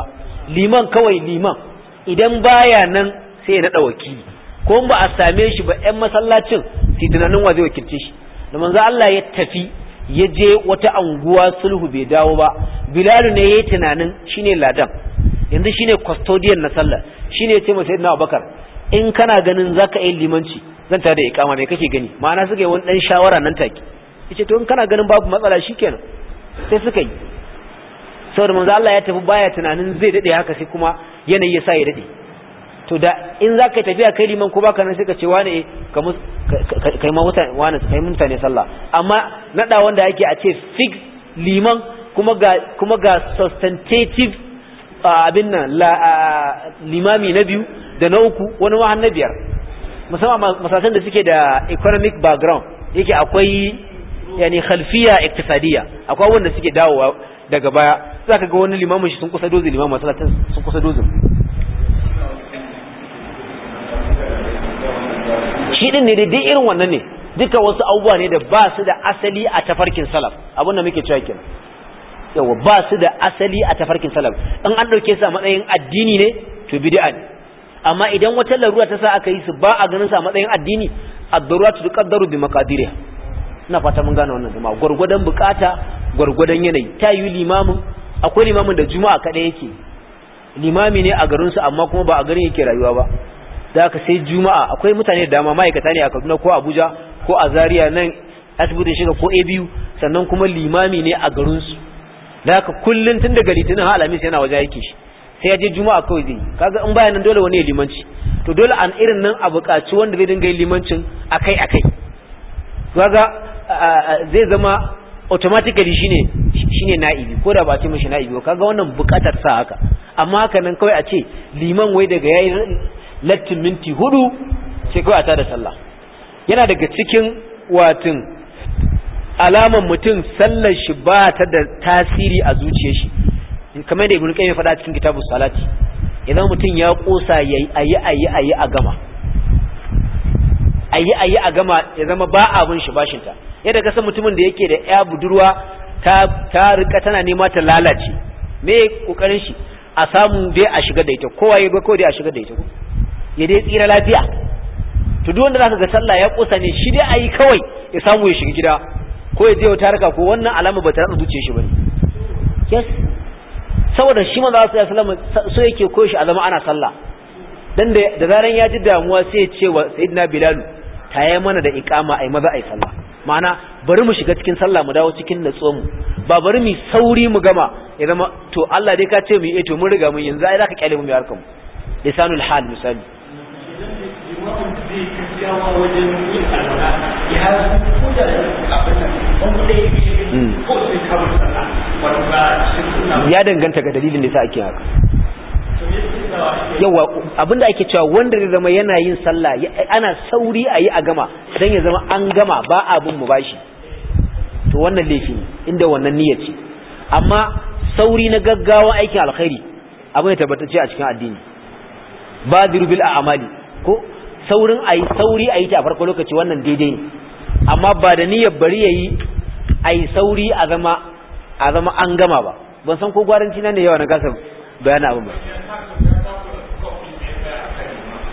liman kawai liman idan baya nan sai ya naɗa wakili ko ba a same shi ba 'yan masallacin sai tunanin wa zai wakilce shi da manzo Allah ya tafi ya je wata anguwa sulhu bai dawo ba bilalu ne ya yi tunanin shine ladan yanzu shine custodian na sallah shine ya ce masa sayyidina abubakar in kana ganin zaka yi limanci zan tada ikama ne kake gani ma'ana suka yi wani dan shawara nan take yace to in kana ganin babu matsala shikenan sai suka yi saboda manzo Allah ya tafi baya tunanin zai dade haka sai kuma yanayi ya sa ya dade to da in za ka tafiya kai liman ko baka nan sai ka ce wane kai ma mutane wane kai mutane sallah amma nada wanda yake a ce fix liman kuma ga kuma ga substantive abin nan la limami na biyu da na uku wani ma na biyar musamman masasan da suke da economic background yake akwai yani khalfiya iktisadiya akwai wanda suke dawowa daga baya zaka ga wani limamin shi sun kusa dozin limamin masallatin sun kusa dozin shi din ne dai irin wannan ne duka wasu abubuwa ne da ba su da asali a tafarkin salaf abin da muke cewa kenan yawa ba su da asali a tafarkin salaf in an dauke su a matsayin addini ne to bid'a ne amma idan wata larura ta sa aka yi su ba a ganin su a matsayin addini ad-daruratu tuqaddaru bi maqadirha ina fata mun gane wannan jama'a gwargwadon bukata gwargwadon yanayi ta yi limamin akwai limamin da juma'a kaɗai yake limami ne a garinsu amma kuma ba a garin yake rayuwa ba da aka sai juma'a akwai mutane da dama ma'aikata ne a kaduna ko abuja ko a zaria nan asibitin shiga ko abu sannan kuma limami ne a garinsu da aka kullum tun daga litinin har alhamis yana waje yake shi sai ya je juma'a kawai zai kaga in bayanan dole wani ya limanci to dole an irin nan a buƙaci wanda zai dinga yin limancin akai akai kaga zai zama automatically shine shine na'ibi ko da ba ce mishi na'ibi kaga wannan bukatar sa haka amma haka nan kawai a ce liman wai daga yayi lattin minti hudu sai kawai a tada sallah yana daga cikin watin alaman mutum sallar shi ba ta da tasiri a zuciyar shi kamar da ibnu qayyim faɗa cikin kitabus salati idan mutum ya kosa yayi ayi ayi ayi a gama A yi a yi a gama ya zama ba abin shi bashinta yadda kasan mutumin da yake da ya budurwa ta ta rika tana nema ta lalace me kokarin shi a samu dai a shiga da ita kowa ya ga ko dai a shiga da ita ko ya dai tsira lafiya to duk wanda zaka ga sallah ya kusa ne shi dai ayi kawai ya samu ya shiga gida ko ya je ya tarka ko wannan alama ba ta ratsa zuciyar shi bane yes saboda shi manzo sallallahu alaihi wasallam so yake koyo shi a zama ana sallah dan da zaran ya ji damuwa sai ya ce wa sayyidina bilal yi mana da a yi maza a yi sallah ma'ana bari mu shiga cikin sallah mu dawo cikin natsuwa mu ba bari mu sauri mu gama ya zama to Allah dai ka ce mu eh to mun riga mun yanzu ai zaka kyale mu mai harkar mu lisanul hal misali hmm. ya danganta ga dalilin da sa ake haka yawa abinda ake cewa wanda zai zama yana yin sallah ana sauri a yi a gama don ya zama an gama ba abin mu bashi to wannan laifi inda wannan niyyar ce amma sauri na gaggawa aikin alkhairi abin ya ce a cikin addini ba bil a'amali ko saurin a yi sauri ayi ta a farko lokaci wannan daidai ne amma ba da niyyar bari yayi yi sauri a zama a zama an gama ba ban san ko gwaranci na ne yawa na gasar bayanin abin ba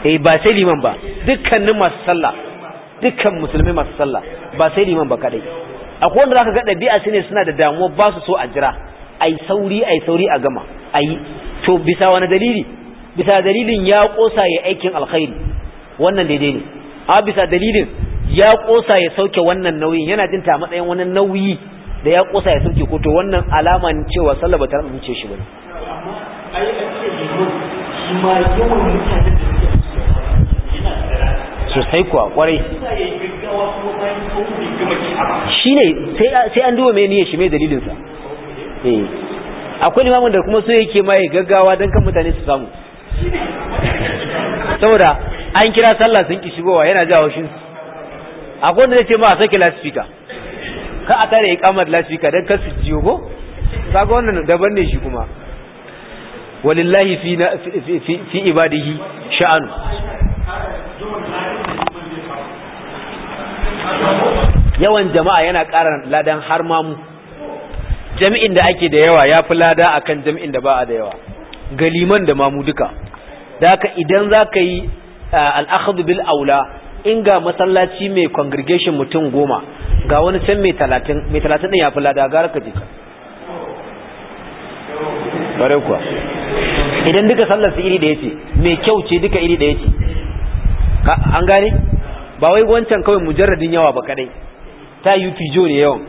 eh ba sai liman ba dukkanin masu sallah dukkan musulmi masu sallah ba sai liman ba kadai akwai wanda zaka ga dabi'a su ne suna da damuwa ba su so a jira ai sauri ai sauri a gama ai to bisa wani dalili bisa dalilin ya kosa ya aikin alkhairi wannan daidai ne a bisa dalilin ya kosa ya sauke wannan nauyin yana jin ta matsayin wani nauyi da ya kosa ya sauke ko to wannan alama ne cewa sallah ba ta rubuce shi bane sosai kuwa kwarai shi ne sai an duba mai niyyar shi mai dalilinsa eh. akwai limamin da kuma so yake ma gaggawa don kan mutane su samu saboda an kira sallah sun ki shigowa yana jawo shi akwai wanda zai ce ma a sake lasifika ka a tare kamar lasifika don su jiyo ko sagon wannan daban ne shi kuma walillahi في في عباده sha'anu yawan jama'a yana ƙara ladan har mamu jami'in da ake da yawa ya fi lada akan kan jami'in da ba a da yawa galiman da mamu duka da haka idan za ka yi al'akhadu bil aula in ga masallaci mai congregation mutum goma ga wani can mai talatin mai talatin ɗin ya fi lada gara ka jika kuwa idan duka sallar su iri da yace mai kyau ce duka iri da yace an gane ba wai wancan kawai mujarradin yawa ba kadai ta yi fijo ne yawan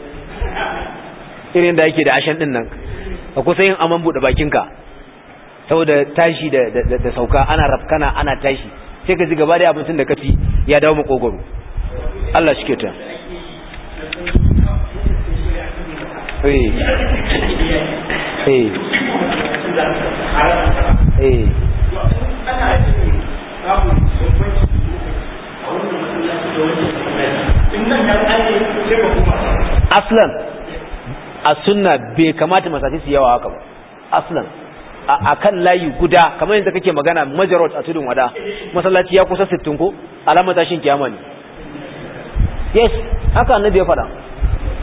irin da yake da ashen din nan a kusa yin aman buɗe bakinka saboda tashi da sauka ana rafkana ana tashi sai ka ji gaba da abincin da ka ya dawo makogoro Allah shi ke ta Eh. aslan a suna bai kamata masafi su yawa haka ba aslan a kan layi guda kamar yadda kake magana majarot a tudun wada masallaci ya kusa sittin ko alamar tashin kiyama ne yes haka annabi ya fada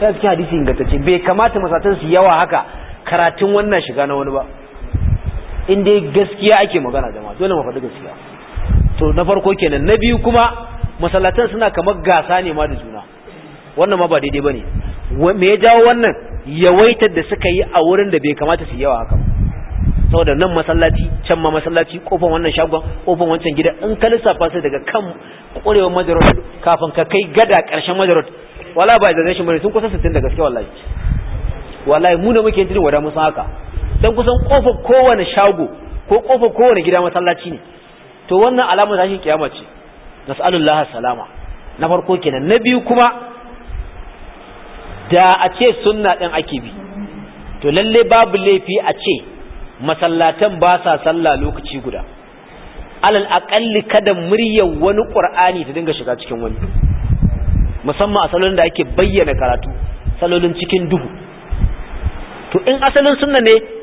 ya suke hadisi ingantacce bai kamata masatan su yawa haka karatun wannan shiga na wani ba in dai gaskiya ake magana jama'a dole mu faɗi gaskiya to na farko kenan na biyu kuma masallatan suna kamar gasa ne ma da juna wannan ma ba daidai bane me ya jawo wannan yawaitar da suka yi a wurin da bai kamata su yawa haka saboda nan masallaci can ma masallaci kofan wannan shagon kofan wancan gida in ka lissafa sai daga kan ƙwarewar majarot kafin ka kai gada ƙarshen majarot wala ba da shi bane sun kusa 60 da gaske wallahi wallahi mu da muke jin wada sun haka don kusan kofar kowane shago ko kofar kowane gida masallaci ne to wannan alamar tashin kiyama ce nas'alullaha salama na farko kenan na biyu kuma da a ce sunna din ake bi to lalle babu laifi a ce masallatan ba sa sallah lokaci guda alal aqalli kada muryar wani qur'ani ta dinga shiga cikin wani musamman a salolin da ake bayyana karatu salolin cikin duhu to in asalin sunna ne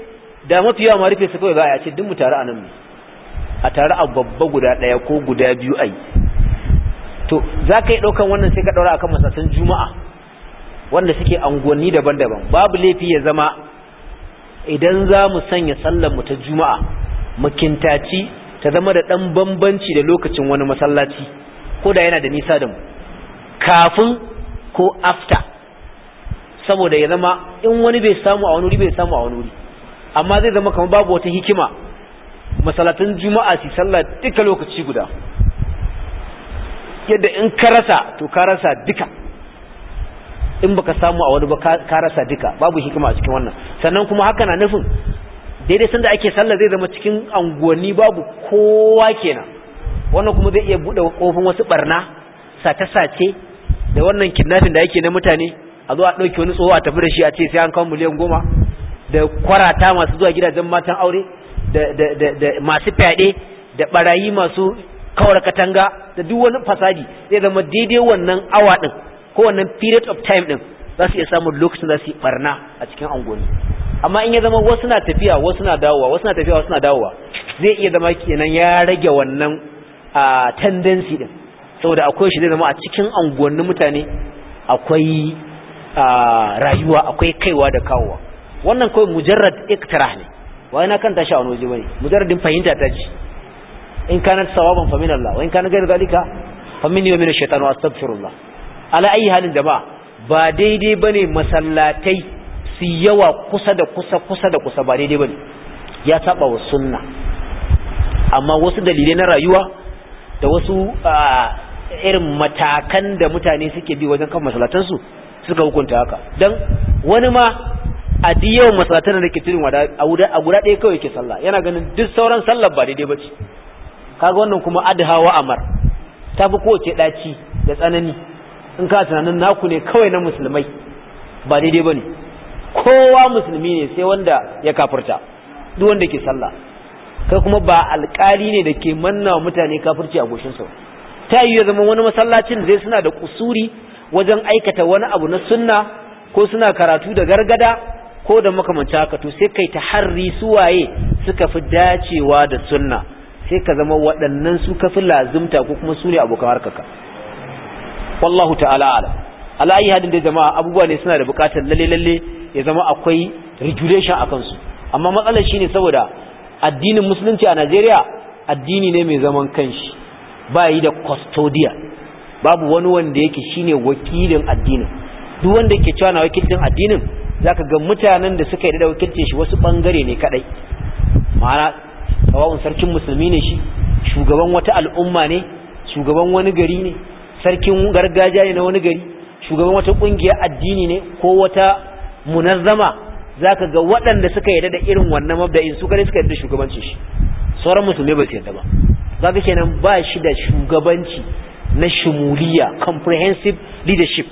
da mafi yawa ma rufe su kawai ba a ce duk mu tare a nan a tare a babba guda ɗaya ko guda biyu a to za ka yi ɗaukan wannan sai ka ɗaura akan masassun juma'a wanda suke anguwanni daban-daban babu laifi ya zama idan za mu sanya sallar mu ta juma'a makintaci ta zama da ɗan bambanci da lokacin wani masallaci ko da yana da nisa da mu kafin ko after saboda ya zama in wani bai samu a wani wuri bai samu a wani wuri amma zai zama kamar babu wata hikima masalatin juma'a su sallah duka lokaci guda yadda in ka rasa to ka rasa duka in baka samu a wani ba ka rasa duka babu hikima a cikin wannan sannan kuma haka na nufin daidai sanda ake sallah zai zama cikin anguwanni babu kowa kenan wannan kuma zai iya buɗe kofin wasu barna sace-sace da wannan kidnapping da yake na mutane a zo a ɗauki wani tsoho a tafi da shi a ce sai an kawo miliyan goma da kwarata masu zuwa gidajen matan aure da masu fyaɗe da ɓarayi masu kawar katanga da duk wani fasadi zai zama daidai wannan awa din ko wannan period of time din za su iya samun lokacin za su yi barna a cikin angoni amma in ya zama wasu na tafiya wasu na dawowa wasu na tafiya wasu na dawowa zai iya zama kenan ya rage wannan a tendency din saboda akwai shi zai zama a cikin angonin mutane akwai rayuwa akwai kaiwa da kawowa wannan kawai mujarrad iktirah ne wai na kanta shi a wani waje bane mujarradin fahimta ta ji in kana sawaban fa min Allah wa in kana ghayr zalika fa minni wa min ash-shaytan wa astaghfirullah ala ayi halin jama'a ba daidai bane masallatai su yawa kusa da kusa kusa da kusa ba daidai bane ya saba wa sunna amma wasu dalilai na rayuwa da wasu irin matakan da mutane suke bi wajen kan masallatansu suka hukunta haka dan wani ma a yawan masalatan da ke wada a guda ɗaya kawai ke sallah yana ganin duk sauran sallar ba daidai ba ce kaga wannan kuma wa amar ta fi kowace ɗaci da tsanani in ka tunanin naku ne kawai na musulmai ba daidai bane kowa musulmi ne sai wanda ya kafarta duk wanda ke sallah kai kuma ba alƙali ne da ke manna wa mutane kafirci a sau ta yi ya zama wani masallacin zai suna da kusuri wajen aikata wani abu na sunna ko suna karatu da gargada ko da makamanta haka to sai kai taharri waye suka fi dacewa da sunna sai ka zama waɗannan su fi lazimta ko kuma sune ne abokan harkarka wallahu ta'ala ala ala hadin da jama'a abubuwa ne suna da bukatar lalle lalle ya zama akwai regulation akan su amma matsalar shine saboda addinin musulunci a Najeriya addini ne mai zaman kanshi ba yi da custodia babu wani wanda yake shine wakilin addinin duk wanda ke cewa na wakilin addinin Za ka ga mutanen da suka yi da wakilci shi wasu bangare ne kadai ma'ana tsawon sarkin musulmi ne shi shugaban wata al'umma ne shugaban wani gari ne sarkin gargajiya ne na wani gari shugaban wata kungiya addini ne ko wata munazzama ka ga waɗanda suka yi da irin wannan mabda'in su kare suka da shugabancin shi sauran musulmi ba su yarda ba ka kenan ba shi da shugabanci na shimuliya comprehensive leadership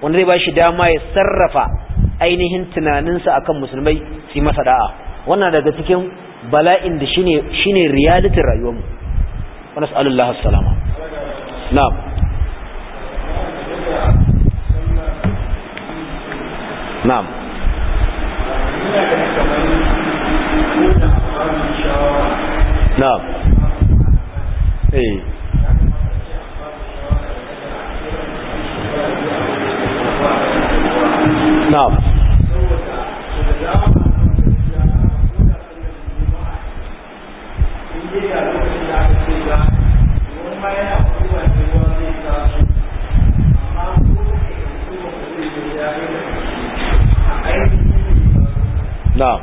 wanda zai ba shi dama ya sarrafa ainihin tunaninsa akan musulmai su yi masa da'a wannan daga cikin bala'in da shine shine realitin rayuwarmu wa nas'alullahi as-salama na'am na'am na'am eh na'am da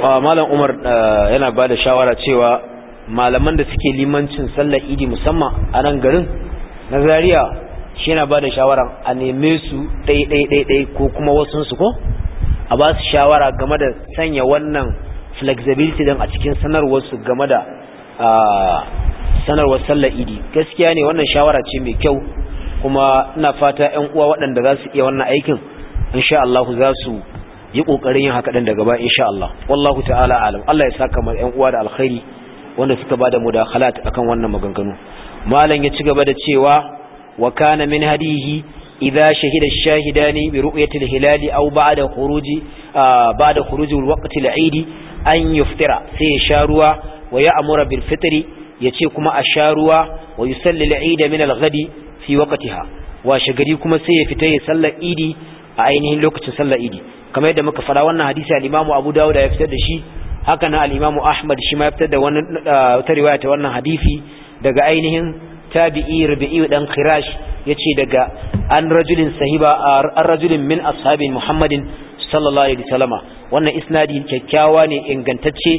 malam umar eh, yana ba da shawara cewa malaman da suke limancin sallar idi musamman a nan garin na Zariya shi yana ba da shawara a neme su ɗaiɗaiɗaiɗai ko kuma su ko a ba su shawara game da sanya wannan flexibility don a cikin sanarwarsu game da sanarwar sallar idi gaskiya ne wannan shawara ce mai kyau kuma ina fata 'yan uwa waɗanda za su iya wannan aikin sha Allah za su yi kokarin yin haka dan daga ba insha Allah wallahu ta'ala alam Allah ya saka mu ƴan uwa da alkhairi wanda suka bada mudakhalat akan wannan maganganu malam ya ci gaba da cewa wa kana min hadihi idza shahida ash-shahidani bi ru'yati al-hilali aw ba'da khuruji ba'da khuruji al-waqt al-eid an yuftira sai ya sha ruwa wa ya'mura bil fitri yace kuma a sha ruwa wa yusalli al-eid min al-ghadi fi waqtiha wa shagari kuma sai ya fita ya sallar idi a ainihin lokacin sallar idi kamar yadda muka fara wannan hadisi al Abu Dawud ya fitar da shi haka na al Ahmad shi ma ya fitar da wannan ah, ta riwaya ta wannan hadisi daga ainihin tabi'i Rabi'i dan Khirash ce daga an rajulin sahiba an rajulin min ashabi Muhammadin sallallahu alaihi wasallama wannan isnadi kyakkyawa ne ingantacce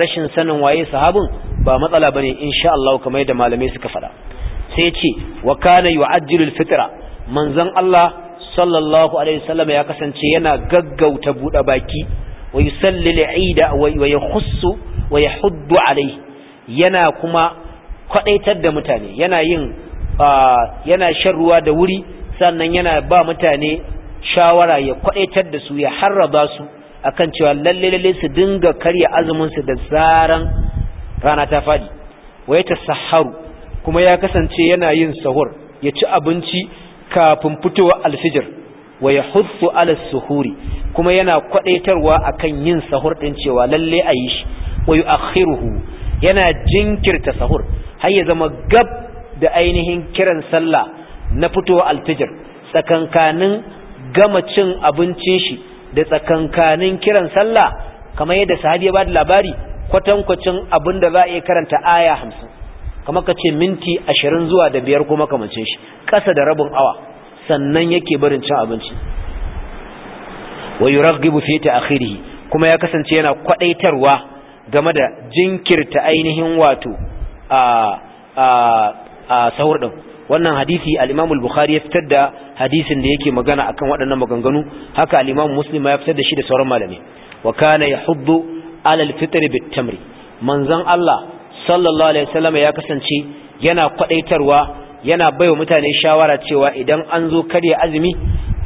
rashin sanin waye sahabin ba matsala bane insha Allah kamar yadda malamai suka faɗa sai yace wa kana yu'ajjilu fitra manzon Allah sallallahu alaihi wasallam ya kasance yana gaggauta bude baki wa yusalli al eid wa yakhussu wa yahuddu alaihi yana kuma kwadaitar da mutane yana yin yana shan ruwa da wuri sannan yana ba mutane shawara ya kwadaitar da su ya harraba su akan cewa lalle lalle su dinga karya azumin su da zaran rana ta fadi wa saharu kuma ya kasance yana yin sahur ya ci abinci kafin fitowa alfijir wa ya hutsu ala suhuri kuma yana kwadaitarwa akan yin sahur ɗin cewa lalle a yi shi wa akhiruhu yana jinkirta sahur har ya zama gab da ainihin kiran sallah na fitowa alfijir tsakankanin gama cin abincin shi da tsakankanin kiran sallah kamar yadda sahabi ya ba da labari kwatankwacin abin da za a iya karanta aya hamsin kamar ka ce minti ashirin zuwa da biyar kuma makamacin shi ƙasa da rabin awa sannan yake barin cin abinci wa yuraghibu fi ta'khirihi kuma ya kasance yana kwadaitarwa game da jinkirta ainihin wato a a a sahur din wannan hadisi al-Imam al-Bukhari ya fitar da hadisin da yake magana akan waɗannan maganganu haka al-Imam Muslim ya fitar da shi da sauran malami wa kana yahuddu ala al-fitr bit-tamri manzon Allah sallallahu alaihi wasallam ya kasance yana kwadaitarwa yana bai wa mutane shawara cewa idan an zo karya azumi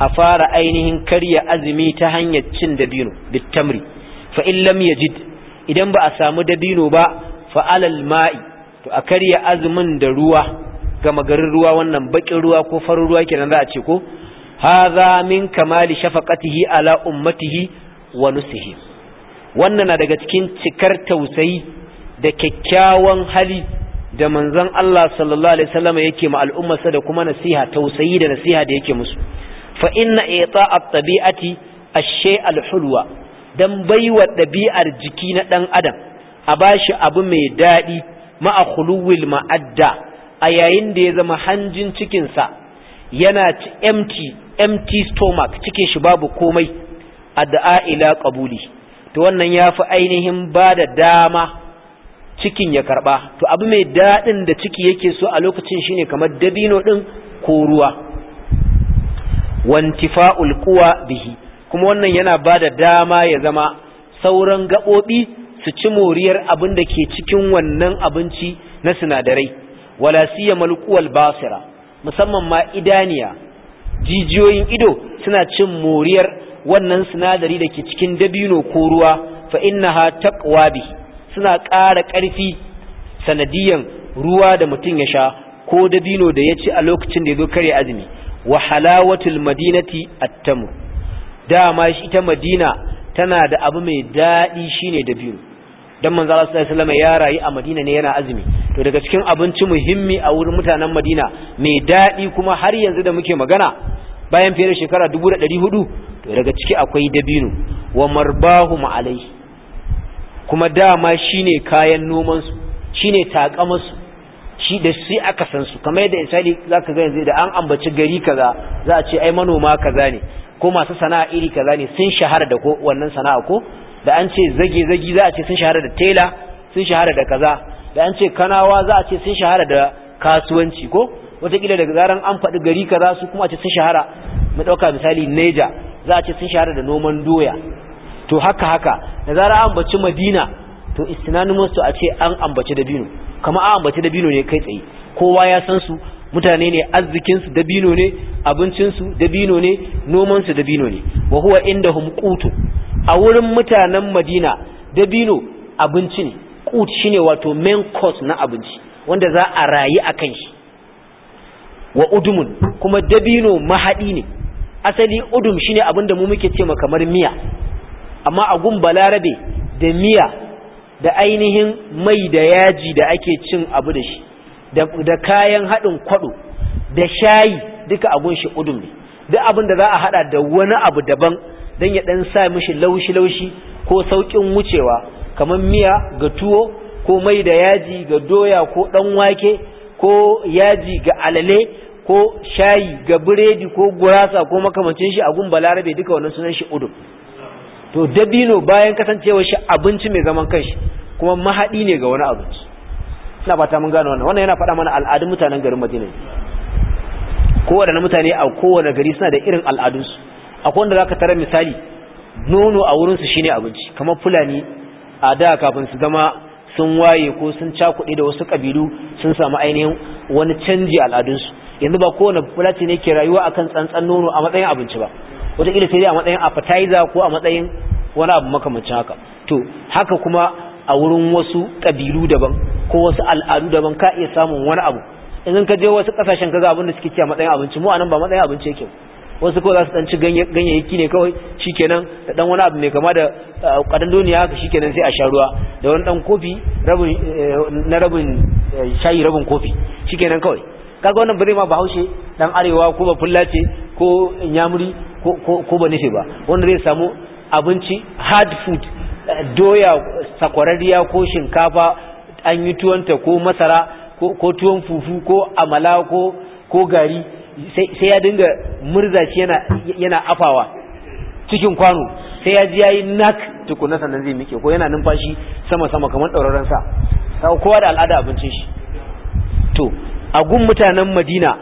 a fara ainihin karya azumi ta hanyar cin dabino bitamri fa in lam yajid idan ba a samu dabino ba fa alal ma'i to a karya azumin da ruwa gama garin ruwa wannan bakin ruwa ko farin ruwa kenan za a ce ko hadha min kamali shafaqatihi ala ummatihi wa nusihi wannan na daga cikin cikar tausayi da kyakkyawan hali da manzon Allah sallallahu alaihi wasallam yake ma al'ummarsa da kuma nasiha tausayi da nasiha da yake musu fa inna ita at-tabi'ati ash-shay' al-hulwa dan baiwa dabi'ar jiki na dan adam a bashi abu mai dadi ma khuluwil ma'adda a yayin da ya zama hanjin cikin sa yana empty empty stomach cikin shi babu komai ad'a ila qabuli to wannan ya yafi ainihin bada dama cikin ya karba to abu mai daɗin da ciki yake so a lokacin shine kamar dabino ɗin ko ruwa wantifa'ul quwa bihi kuma wannan yana ba da dama ya zama sauran gaɓoɓi su ci moriyar abin da ke cikin wannan abinci na sinadarai wala siya basira musamman ma idaniya jijiyoyin ido suna cin moriyar wannan sinadari da ke cikin dabino ko ruwa fa innaha taqwa bihi suna ƙara ƙarfi sanadiyan ruwa da mutum ya sha ko dabino da ya ci a lokacin da ya zo kare azumi wa halawatul madinati attamu dama shi ita madina tana da abu mai dadi shine dabino dan manzo Allah sallallahu alaihi wasallam ya rayu a madina ne yana azumi to daga cikin abinci muhimmi a wurin mutanen madina mai dadi kuma har yanzu da muke magana bayan fiye da shekara 1400 to daga ciki akwai dabino wa marbahu ma'alai kuma dama shine kayan nomansu shine su shi da shi aka san su kamar yadda misali zaka ga yanzu da an ambaci gari kaza za a ce ai manoma kaza ne ko masu sana'a iri kaza ne sun shahara da ko wannan sana'a ko da an ce zage zagi za a ce sun shahara da tela sun shahara da kaza da an ce kanawa za a ce sun shahara da kasuwanci ko wataƙila daga zaran an faɗi gari kaza su kuma a ce sun shahara mu ɗauka misali neja za a ce sun shahara da noman doya to haka haka da zara an madina to istinanimous to a ce an ambaci dabino kama an ambaci dabino ne kai tsaye kowa ya san su mutane ne arzikinsu dabino ne abincinsu dabino ne nomansu dabino ne wa huwa indahum qutu a wurin mutanen madina dabino abinci ne qut shine wato main course na abinci wanda za a rayu akan shi wa udumun kuma dabino mahadi ne asali udum shine abinda mu muke cewa kamar miya amma a gun balarabe da miya da ainihin mai da yaji da ake cin abu da shi da kayan haɗin kwaɗo da shayi duka a gun shi ne duk abin da za a haɗa da wani abu daban don ya ɗan sa mishi laushi-laushi ko sauƙin wucewa kamar miya ga tuwo ko mai da yaji ga doya ko ɗan wake ko yaji ga alale ko shayi ga biredi ko gurasa ko makamancin shi a gun balarabe duka wannan sunan shi Udun. to dabino bayan kasancewa shi abinci mai zaman kanshi kuma mahadi ne ga wani abinci ina fata mun gano wannan wannan yana faɗa mana al'adun mutanen garin Madina Kowane mutane a kowane gari suna da irin al'adunsu akwai wanda zaka tarar misali nono a wurinsu shine abinci kamar fulani a da kafin su zama sun waye ko sun cakuɗe da wasu ƙabilu sun samu ainihin wani canji al'adunsu yanzu ba kowane fulani ne ke rayuwa akan tsantsan nono a matsayin abinci ba wataƙila sai a matsayin appetizer ko a matsayin wani abu makamancin haka to haka kuma a wurin wasu ƙabilu daban ko wasu al'adu daban ka iya samun wani abu idan ka je wasu ƙasashen kaga abin da suke ci a matsayin abinci mu anan ba matsayin abinci yake wasu ko za su ci ganyayyaki ne kawai shikenan da ɗan wani abu mai kama da kadan eh, duniya haka shikenan sai a sha ruwa da wani ɗan kofi rabin eh, na rabin eh, shayi rabin kofi shikenan kawai kaga wannan ba ma bahaushe ɗan arewa ko ba fulla ce ko nyamuri ko ba nufi ba wanda zai samu abinci hard food eh, doya sakwararriya ko shinkafa an yi tuwanta ko masara ko tuwon fufu ko amala ko gari sai ya dinga murzaci yana afawa cikin kwano sai ya ji ya yi nak tukuna sannan zai mike ko yana numfashi sama-sama kamar ɗauraren sa sau kowa da al'ada abincin shi to a gun mutanen madina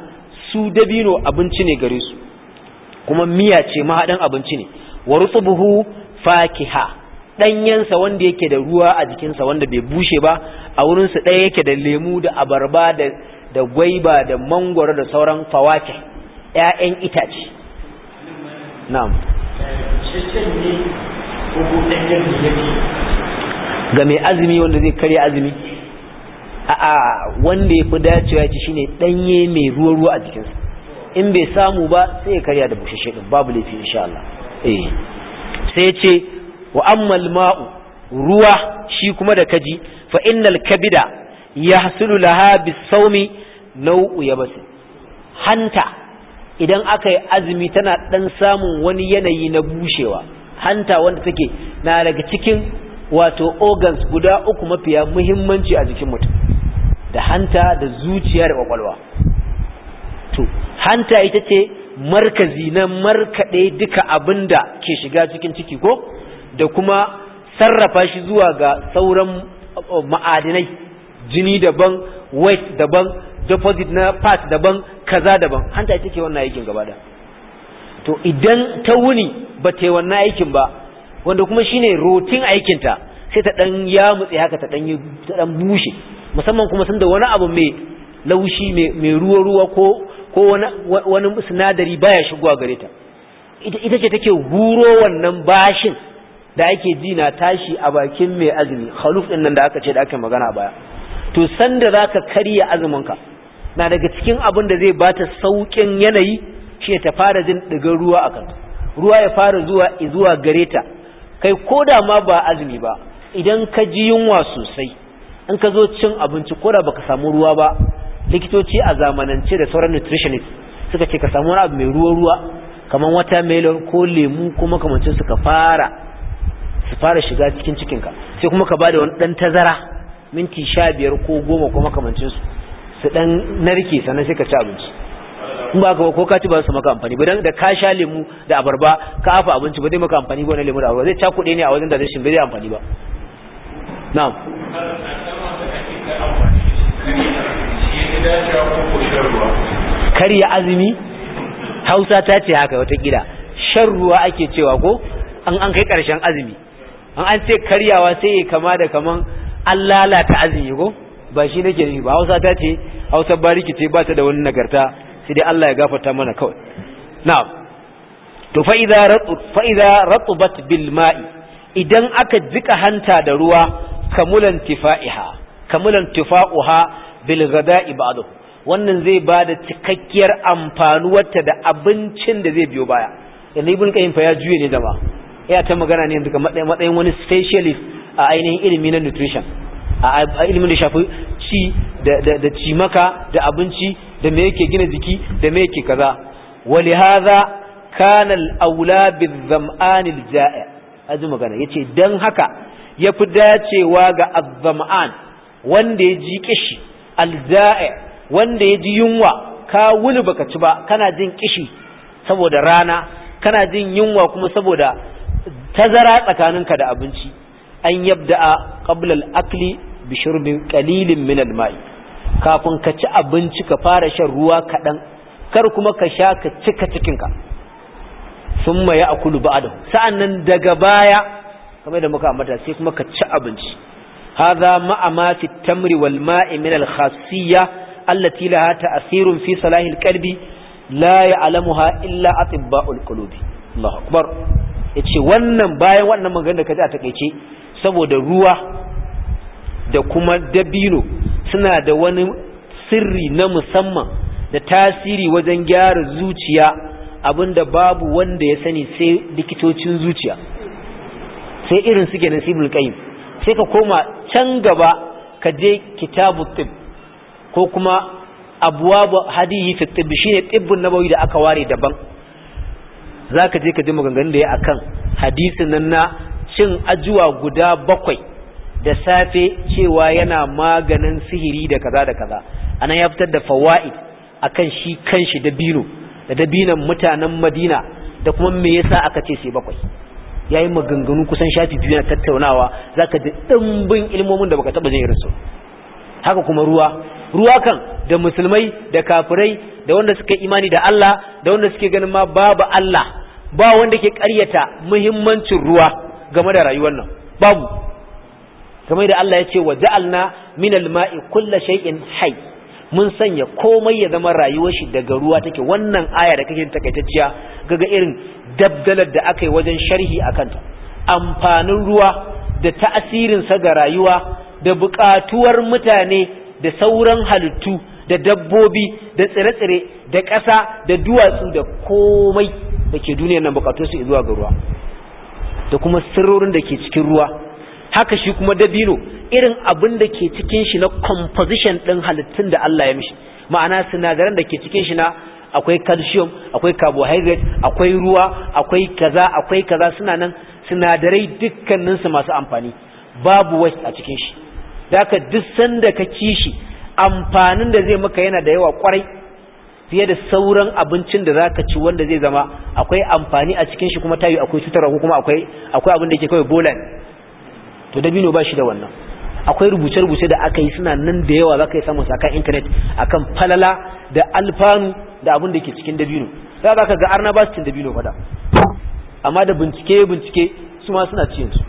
su dabino abinci ne gare su kuma miya ce mahaɗin abinci ne wa rutubuhu fakiha ɗanyensa wanda yake da ruwa a jikinsa wanda bai bushe ba a wurinsa ɗaya yake da lemu da abarba da da gwaiba da mangoro da sauran fawake ‘ya'yan itace na'am ga mai azumi wanda zai karya azumi a wanda ya fi dacewa ci shine ɗanye mai ruwa-ruwa a jikinsa in bai samu ba sai ya karya da bushashe din babu laifi insha Allah eh sai ya ce wa ammal ma'u ruwa shi kuma da kaji fa innal kabida yahsulu laha bisawmi nau'u yabasin hanta idan aka yi azumi tana dan samun wani yanayi na bushewa hanta wanda take na daga cikin wato organs guda uku mafiya muhimmanci a jikin mutum da hanta da zuciya da kwakwalwa to hanta ita ce markazi na markaɗe duka abinda ke shiga cikin ciki ko da kuma sarrafa shi zuwa ga sauran ma'adinai jini daban weight daban deposit na part daban kaza daban hanta ita ke wannan aikin gaba to idan ta wuni ba ta yi wannan aikin ba wanda kuma shine rotin aikinta sai ta dan ya mutse haka ta dan bushe musamman kuma sun da wani abu mai laushi mai ruwa ruwa ko ko wani sinadari baya shigowa gare ta ita ce take huro wannan bashin da ake ji na tashi a bakin mai azumi khaluf din nan da aka ce da aka magana baya to sanda zaka karya azuminka na daga cikin abin da zai bata saukin yanayi shi ta fara jin digar ruwa akan ruwa ya fara zuwa zuwa gare ta kai koda ma ba azumi ba idan ka ji yunwa sosai in ka zo cin abinci koda baka samu ruwa ba likitoci a zamanance da sauran nutritionist suka ce ka samu wani abu mai ruwa-ruwa kamar watermelon ko lemu ko makamancin suka fara su fara shiga cikin cikinka sai kuma ka ba da wani ɗan tazara minti sha biyar ko goma ko makamancin su su ɗan narke sannan sai ka ci abinci in ba ka ko ka ci ba su maka amfani ba dan da ka sha lemu da abarba ka afa abinci ba zai maka amfani ba na lemu da abarba zai cakuɗe ne a wajen da zai shi bai zai amfani ba na'am karya azumi hausa ta ce haka watakila shan ruwa ake cewa ko an an kai karshen azumi an an ce karyawa sai ya kama da kaman an lalata azumi ko ba shi nake nufi ba hausa ta ce hausa bariki ce ba ta da wani nagarta sai dai Allah ya gafarta mana kawai na'am to fa idza ratu fa idza ratubat bil ma'i idan aka jika hanta da ruwa kamulan tifaiha kamulan tifauha bil ghada'i wannan zai ba da cikakkiyar amfanuwarta da abincin da zai biyo baya yanzu ibn qayyim fa ya juye ne jama'a ya ta magana ne daga matsayin wani specialist a ainihin ilimi na nutrition a ilimin da shafi ci da cimaka da abinci da me yake gina jiki da me yake kaza wali hadha kana al-aula bizam'an al-ja'i aji magana yace dan haka yafi dacewa ga az wanda ya ji kishi alja'i wanda ya ji yunwa ka wuni baka ci ba kana jin kishi saboda rana kana jin yunwa kuma saboda tazara tsakaninka da abinci an yabda qabla al-akli bi shurbin qalilin min mai kafin ka ci abinci ka fara shan ruwa kaɗan kar kuma ka sha ka cika cikinka sun ma ya akulu ba'adahu sa'an nan daga baya kamar da muka ambata sai kuma ka ci abinci hadha ma'a ma fi tamri wal ma'i min al khasiyya allati laha ta'thirun fi salahil qalbi la ya'lamuha illa atibba'ul qulubi Allahu akbar yace wannan bayan wannan magana da kaji a takeice saboda ruwa da kuma dabino suna da wani sirri na musamman da tasiri wajen gyara zuciya abinda babu wanda ya sani sai likitocin zuciya sai irin suke nasibul qayyim sai ka koma can gaba ka je kitabu tib ko kuma abuwa hadihi fi tibbi ne tibbin nabawi da aka ware daban Za ka je ka ji maganganun da ya akan hadisin nan na cin ajiwa guda bakwai da safe cewa yana maganin sihiri da kaza da kaza ana ya fitar da fawaid akan shi kanshi dabino da dabinan mutanen Madina da kuma me yasa aka ce sai bakwai ya yi maganganu kusan shafi biyu na tattaunawa za ka ji ɗimbin ilmomin da baka taɓa zai irinsu haka kuma ruwa ruwa kan da musulmai da kafirai da wanda suka imani da Allah da wanda suke ganin ma babu Allah ba wanda ke karyata muhimmancin ruwa game da rayuwar nan babu kamar da Allah ya ce wa ja'alna al ma'i kullu shay'in hayy mun sanya komai ya zama rayuwar shi daga ruwa take wannan aya da kake takaitacciya gaga irin dabdalar da aka yi wajen sharhi a kanta amfanin ruwa da ta'asirinsa ga rayuwa da buƙatuwar mutane da sauran halittu da dabbobi da tsire-tsire da ƙasa da duwatsu da komai da ke duniyar nan su zuwa ga ruwa da kuma sirrorin da ke cikin ruwa haka shi kuma dabino irin abin da ke cikin shi na composition ɗin halittun da Allah ya mishi ma'ana sinadaran da ke cikin shi na akwai calcium akwai carbohydrate akwai ruwa akwai kaza akwai kaza suna nan sinadarai dukkanin su masu amfani babu waste a cikin shi daka duk sanda ka ci shi amfanin da zai maka yana da yawa kwarai fiye da sauran abincin da zaka ci wanda zai zama akwai amfani a cikin shi kuma tayi akwai cutarwa ko kuma akwai akwai abin da yake kawai bolan to dabino ba shi da wannan akwai rubuce-rubuce da aka yi suna nan da yawa za ka yi samun sakan intanet akan falala da alfanu da abin da ke cikin dabino za ka ga arna ba su cin dabino fada amma da bincike-bincike su ma suna cin su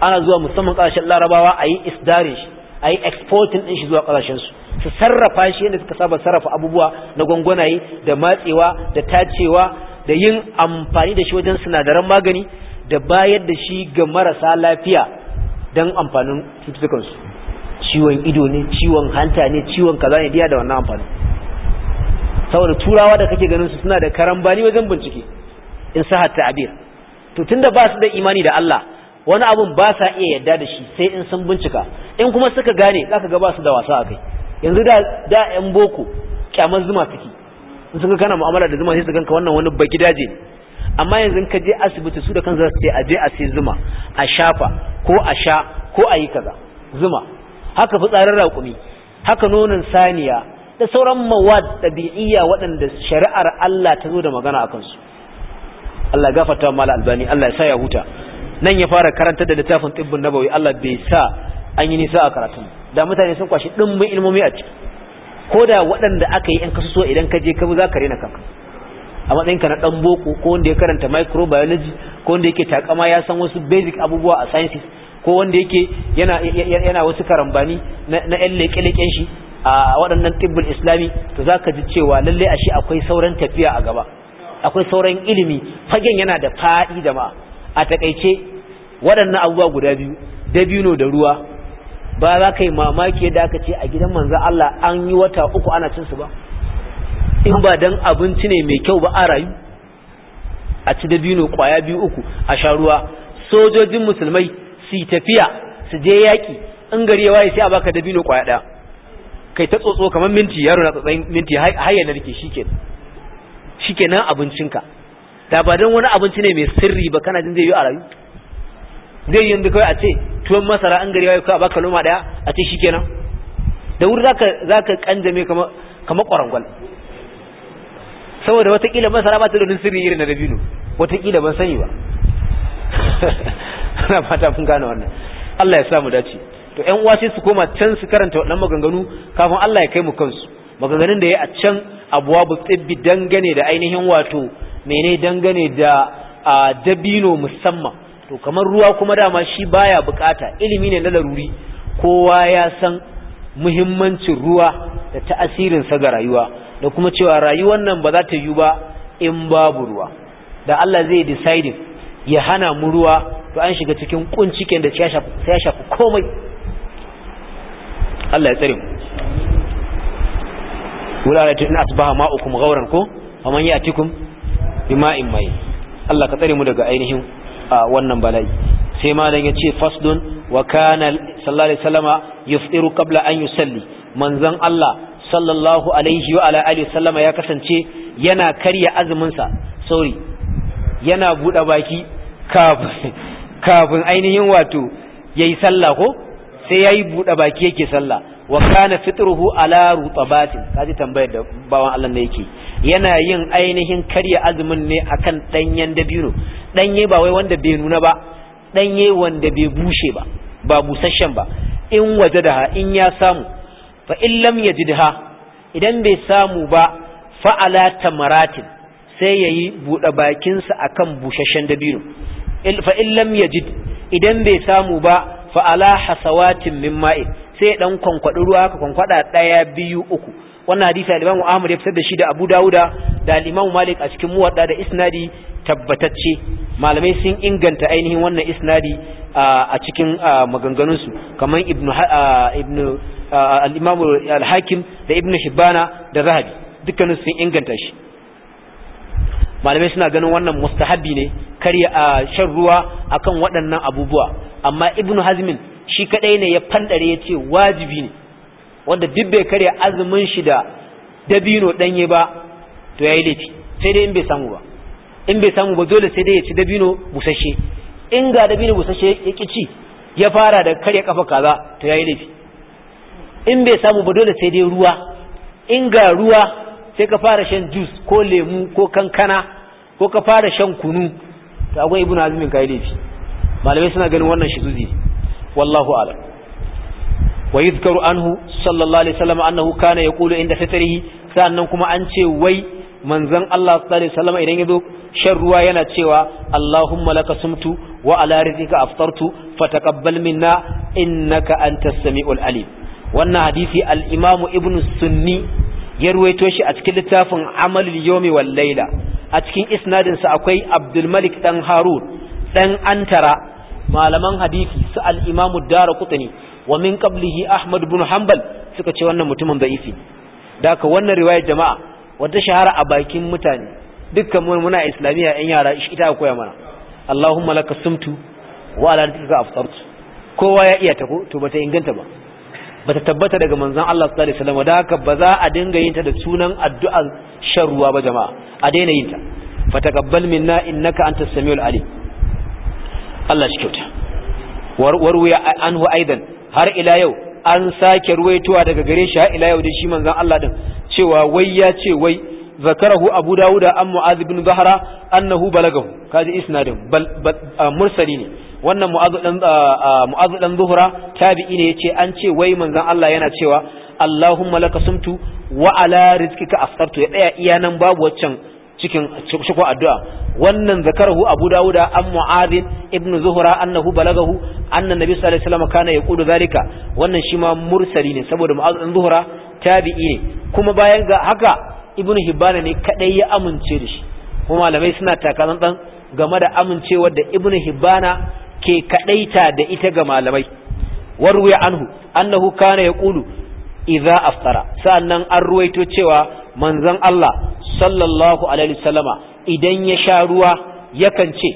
ana zuwa musamman ƙasashen larabawa a yi isdarin shi a yi exporting ɗin shi zuwa ƙasashen su su sarrafa shi yadda suka saba sarrafa abubuwa na gwangwanaye da matsewa da tacewa da yin amfani da shi wajen sinadaran magani da bayar da shi ga marasa lafiya don amfanin cututtukansu ciwon ido ne ciwon hanta ne ciwon kaza ne diya da wannan amfani saboda turawa da kake ganin su suna da karambani wajen bincike in sahat ta'abir to tunda ba su da imani da Allah wani abun ba sa iya yadda da shi sai in sun bincika in kuma suka gane zaka ga ba su da wasa a kai yanzu da da yan boko kyamar zuma suke in sun ga kana mu'amala da zuma sai su ganka wannan wani baki ne amma yanzu ka je asibiti su da kan za su ce a je a sai zuma a shafa ko a sha ko a yi kaza zuma haka fitsarin raƙumi haka nonon saniya da sauran mawad ɗabi'iyya waɗanda shari'ar Allah ta zo da magana a su. Allah gafarta mala albani Allah ya sa ya huta nan ya fara karanta da littafin tibbin nabawi Allah bai sa an yi nisa a karatun da mutane sun kwashi ɗimbin ilmomi a ciki ko da waɗanda aka yi in ka so idan ka je ka za ka rena kanka a matsayinka na dan boko ko wanda ya karanta microbiology ko wanda yake takama ya san wasu basic abubuwa a sciences ko wanda yake yana yana wasu karambani na yan leƙe-leƙen shi a waɗannan tibbul islami to ka ji cewa lalle a shi akwai sauran tafiya a gaba akwai sauran ilimi fagen yana da faɗi ma. a takaice waɗannan abubuwa guda biyu dabino da ruwa ba za ka yi mamaki da aka ce a gidan manzan Allah an yi wata uku ana cin su ba in ba dan abinci ne mai kyau ba a rayu a ci dabino kwaya biyu uku a sha ruwa sojojin musulmai su tafiya su je yaƙi in gari ya waye sai a baka dabino kwaya ɗaya kai ta tsotso kamar minti yaro na tsotsayin minti har ke narke shikenan nan abincinka da ba don wani abinci ne mai sirri ba kana jin zai yi a rayu zai yi yanzu kawai a ce tuwon masara an gari ya kawai a baka loma ɗaya a ce shikenan da wuri za ka kanjame kamar kwarangwal saboda watakila masara ba ta da sirri irin na dabino watakila ban sani ba na fata mun gane wannan Allah ya sa mu dace to ƴan uwa sai su koma can su karanta waɗannan maganganu kafin Allah ya kai mu kansu maganganun da yayi a can abuwabu tsibbi dangane da ainihin wato menene dangane da a dabino musamman to kamar ruwa kuma dama shi baya bukata ilimi ne na laruri kowa ya san muhimmancin ruwa da sa ga rayuwa da kuma cewa rayuwar nan ba za ta yi ba in babu ruwa da Allah zai decide ya hana mu ruwa to an shiga cikin kunciken da sai ya shafi komai Allah ya tsare mu wala in asbaha ma'ukum gauran ko faman ya'tikum bima'in mai Allah ka tsare mu daga ainihin wannan bala'i sai malam ya ce fasdun wa kana sallallahu alaihi wasallama yufiru qabla an yusalli manzon Allah sallallahu alaihi wa ala alihi sallama ya kasance yana karya azumin sa sorry yana bude baki kafin ainihin wato yayi sallah ko sai yayi bude baki yake sallah wa kana fitruhu ala rutabatin kaji tambayar da bawan Allah ne yake yana yin ainihin karya azumin ne akan danyen dabino danye ba wai wanda bai nuna ba danye wanda bai bushe ba ba busasshen ba in waje da in ya samu fa in lam yajidha idan bai samu ba fa'ala tamaratin sai yayi bude bakin sa akan bushashen dabino fa in lam yajid idan bai samu ba fa'ala hasawatin min ma'i sai dan kwankwadi ruwa ka kwankwada daya biyu uku wannan hadisi al-Imam Ahmad ya fitar da shi da Abu Dawuda da al Malik a cikin muwadda da isnadi tabbatacce malamai sun inganta ainihin wannan isnadi a cikin maganganunsu kamar ibnu ibnu al-Imam da Ibn shibana da Zahabi dukkanin sun inganta shi malamai suna ganin wannan mustahabi ne karya a shan ruwa akan waɗannan abubuwa amma Ibn Hazmin shi kadai ne ya fandare ya ce wajibi ne wanda duk bai karya azumin shi da dabino danye ba to yayi laifi sai dai in bai samu ba in bai samu ba dole sai dai ya ci dabino busashe in ga dabino busashe ya ki ci ya fara da karya kafa kaza to yayi laifi in bai samu ba dole sai dai ruwa in ga ruwa sai ka fara shan juice ko lemu ko kankana ko ka fara shan kunu to akwai ibnu azumin kai laifi malamai suna ganin wannan shi zuzi wallahu ala wa an hu sallallahu alaihi wasallam annahu kana yaqulu inda sa'an nan kuma an ce wai manzan Allah sallallahu alaihi salama idan zo shan ruwa yana cewa Allahumma laka sumtu wa ala rizqika aftartu fataqabbal minna innaka antas samiul alim wannan hadisi al-imamu ibn sunni ya ruwaito shi a cikin littafin amalul yomi wal layla a cikin isnadin sa akwai abdul malik dan harun dan antara malaman hadisi su al-imamu darqutni wa min qablihi ahmad ibn hanbal suka ce wannan mutumin da'ifi da ka wannan riwayar jama'a wata shahara a bakin mutane dukkan mu muna islamiyya yan yara shi ita koya mana allahumma laka sumtu wa ala rizqika aftartu kowa ya iya ta to bata inganta ba Ba ta tabbata daga manzon Allah sallallahu alaihi wasallam da haka ba za a dinga yin ta da sunan addu'ar shan ruwa ba jama'a a daina yin ta fatakabbal minna innaka antas samiul alim Allah shi kyauta warwaya anhu aidan har ila yau an sake ruwaituwa daga gare shi har ila yau da shi manzon Allah din cewa wai ya ce wai zakarahu abu dawuda an mu'adh ibn zahra annahu balagahu kaji isnadin mursali ne wannan mu'azu dan mu'azu dan zuhra tabi'i ne yace an ce wai manzon Allah yana cewa Allahumma laka sumtu wa ala rizqika aftartu ya daya iya nan babu waccan cikin shiko addu'a wannan Zakarhu Abu Dawuda an Mu'adh ibn Zuhra annahu balagahu anna Nabi sallallahu alaihi wasallam kana yaqulu zalika wannan shi ma mursali ne saboda Mu'azu dan Zuhura tabi'i ne kuma bayan ga haka Ibn Hibban ne kadai ya amince da shi kuma malamai suna taka tsantsan game da amincewar da Ibn Hibbana ke kaɗaita da ita ga malamai warwi anhu annahu kana ƙulu iza aftara sa'annan an ruwaito cewa manzon Allah sallallahu alaihi wasallama idan ya sha ruwa yakan ce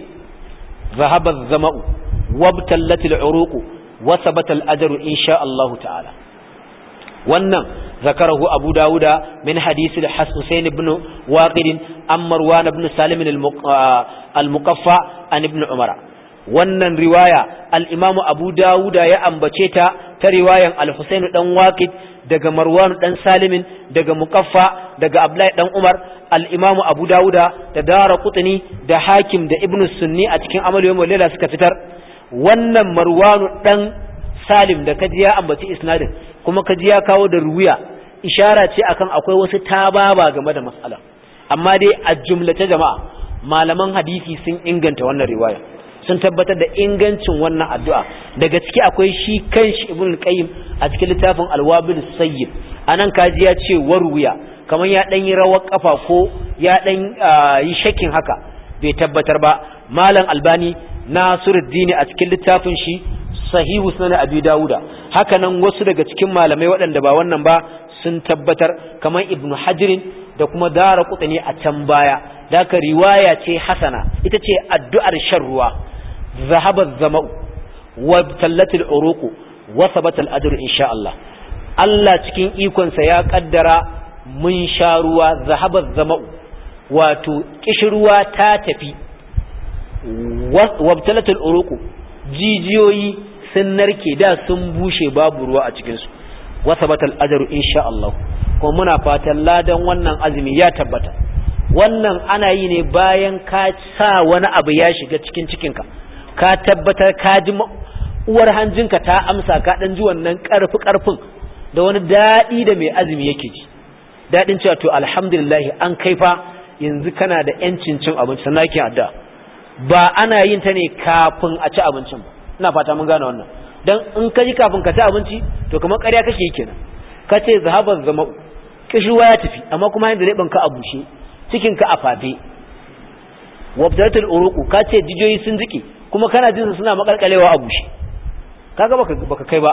zahaba zama'u wabtallatil uruqu wa sabata al insha Allah ta'ala wannan zakarahu Abu Dawuda min hadisi al-Husayn ibn Waqid an Marwan ibn Salim al-Muqaffa an ibn Umar wannan riwaya al'imamu abu dawuda ya ambace ta ta riwayan al-husainu dan waqid daga marwanu ɗan salimin daga muqaffa daga abdullahi dan umar al-imamu abu dawuda da dara da hakim da Ibn sunni a cikin amal yawmul lela suka fitar wannan marwanu ɗan salim da kaji ya ambaci isnadin kuma kaji ya kawo da ruwiya ishara ce akan akwai wasu tababa game da matsala. amma dai a jumlace jama'a malaman hadisi sun inganta wannan riwaya sun tabbatar da ingancin wannan addu'a daga ciki akwai shi kan shi ibn qayyim a cikin littafin alwabil sayyid anan kaji ya ce warwiya kamar ya dan yi rawar kafa ko ya dan yi shakin haka bai tabbatar ba malam albani nasiruddin a cikin littafin shi sahihu sunan abi dauda haka nan wasu daga cikin malamai waɗanda ba wannan ba sun tabbatar kamar Ibn hajirin da kuma dara kutani a can baya da riwaya ce hasana ita ce addu'ar shan ruwa zahaba zama'u wa tallatil uruqu wa sabata al-ajru insha Allah Allah cikin ikonsa ya kaddara mun sha ruwa zahaba zama'u wato kishirwa ta tafi wa tallatil uruqu jijiyoyi sun narke da sun bushe babu ruwa a cikinsu wa sabata al-ajru insha Allah kuma muna fatan ladan wannan azumi ya tabbata wannan ana yi ne bayan ka sa wani abu ya shiga cikin cikinka ka tabbatar ka ji uwar hanjinka ta amsa ka dan ji wannan karfi karfin da wani dadi da mai azumi yake ji dadin cewa to alhamdulillah an kaifa yanzu kana da yancin cin abinci sannan yake adda ba ana yin ta ne kafin a ci abincin ba ina fata mun gane wannan dan in ka ji kafin ka ci abinci to kamar ƙarya kake yi kenan ka ce zahaban zama kishuwa ya tafi amma kuma yanzu leban ka a bushe cikin ka a fafe wabdatul uruqu ka ce jijoyi sun jike kuma kana jin suna makalkalewa a bushe kaga baka baka kai ba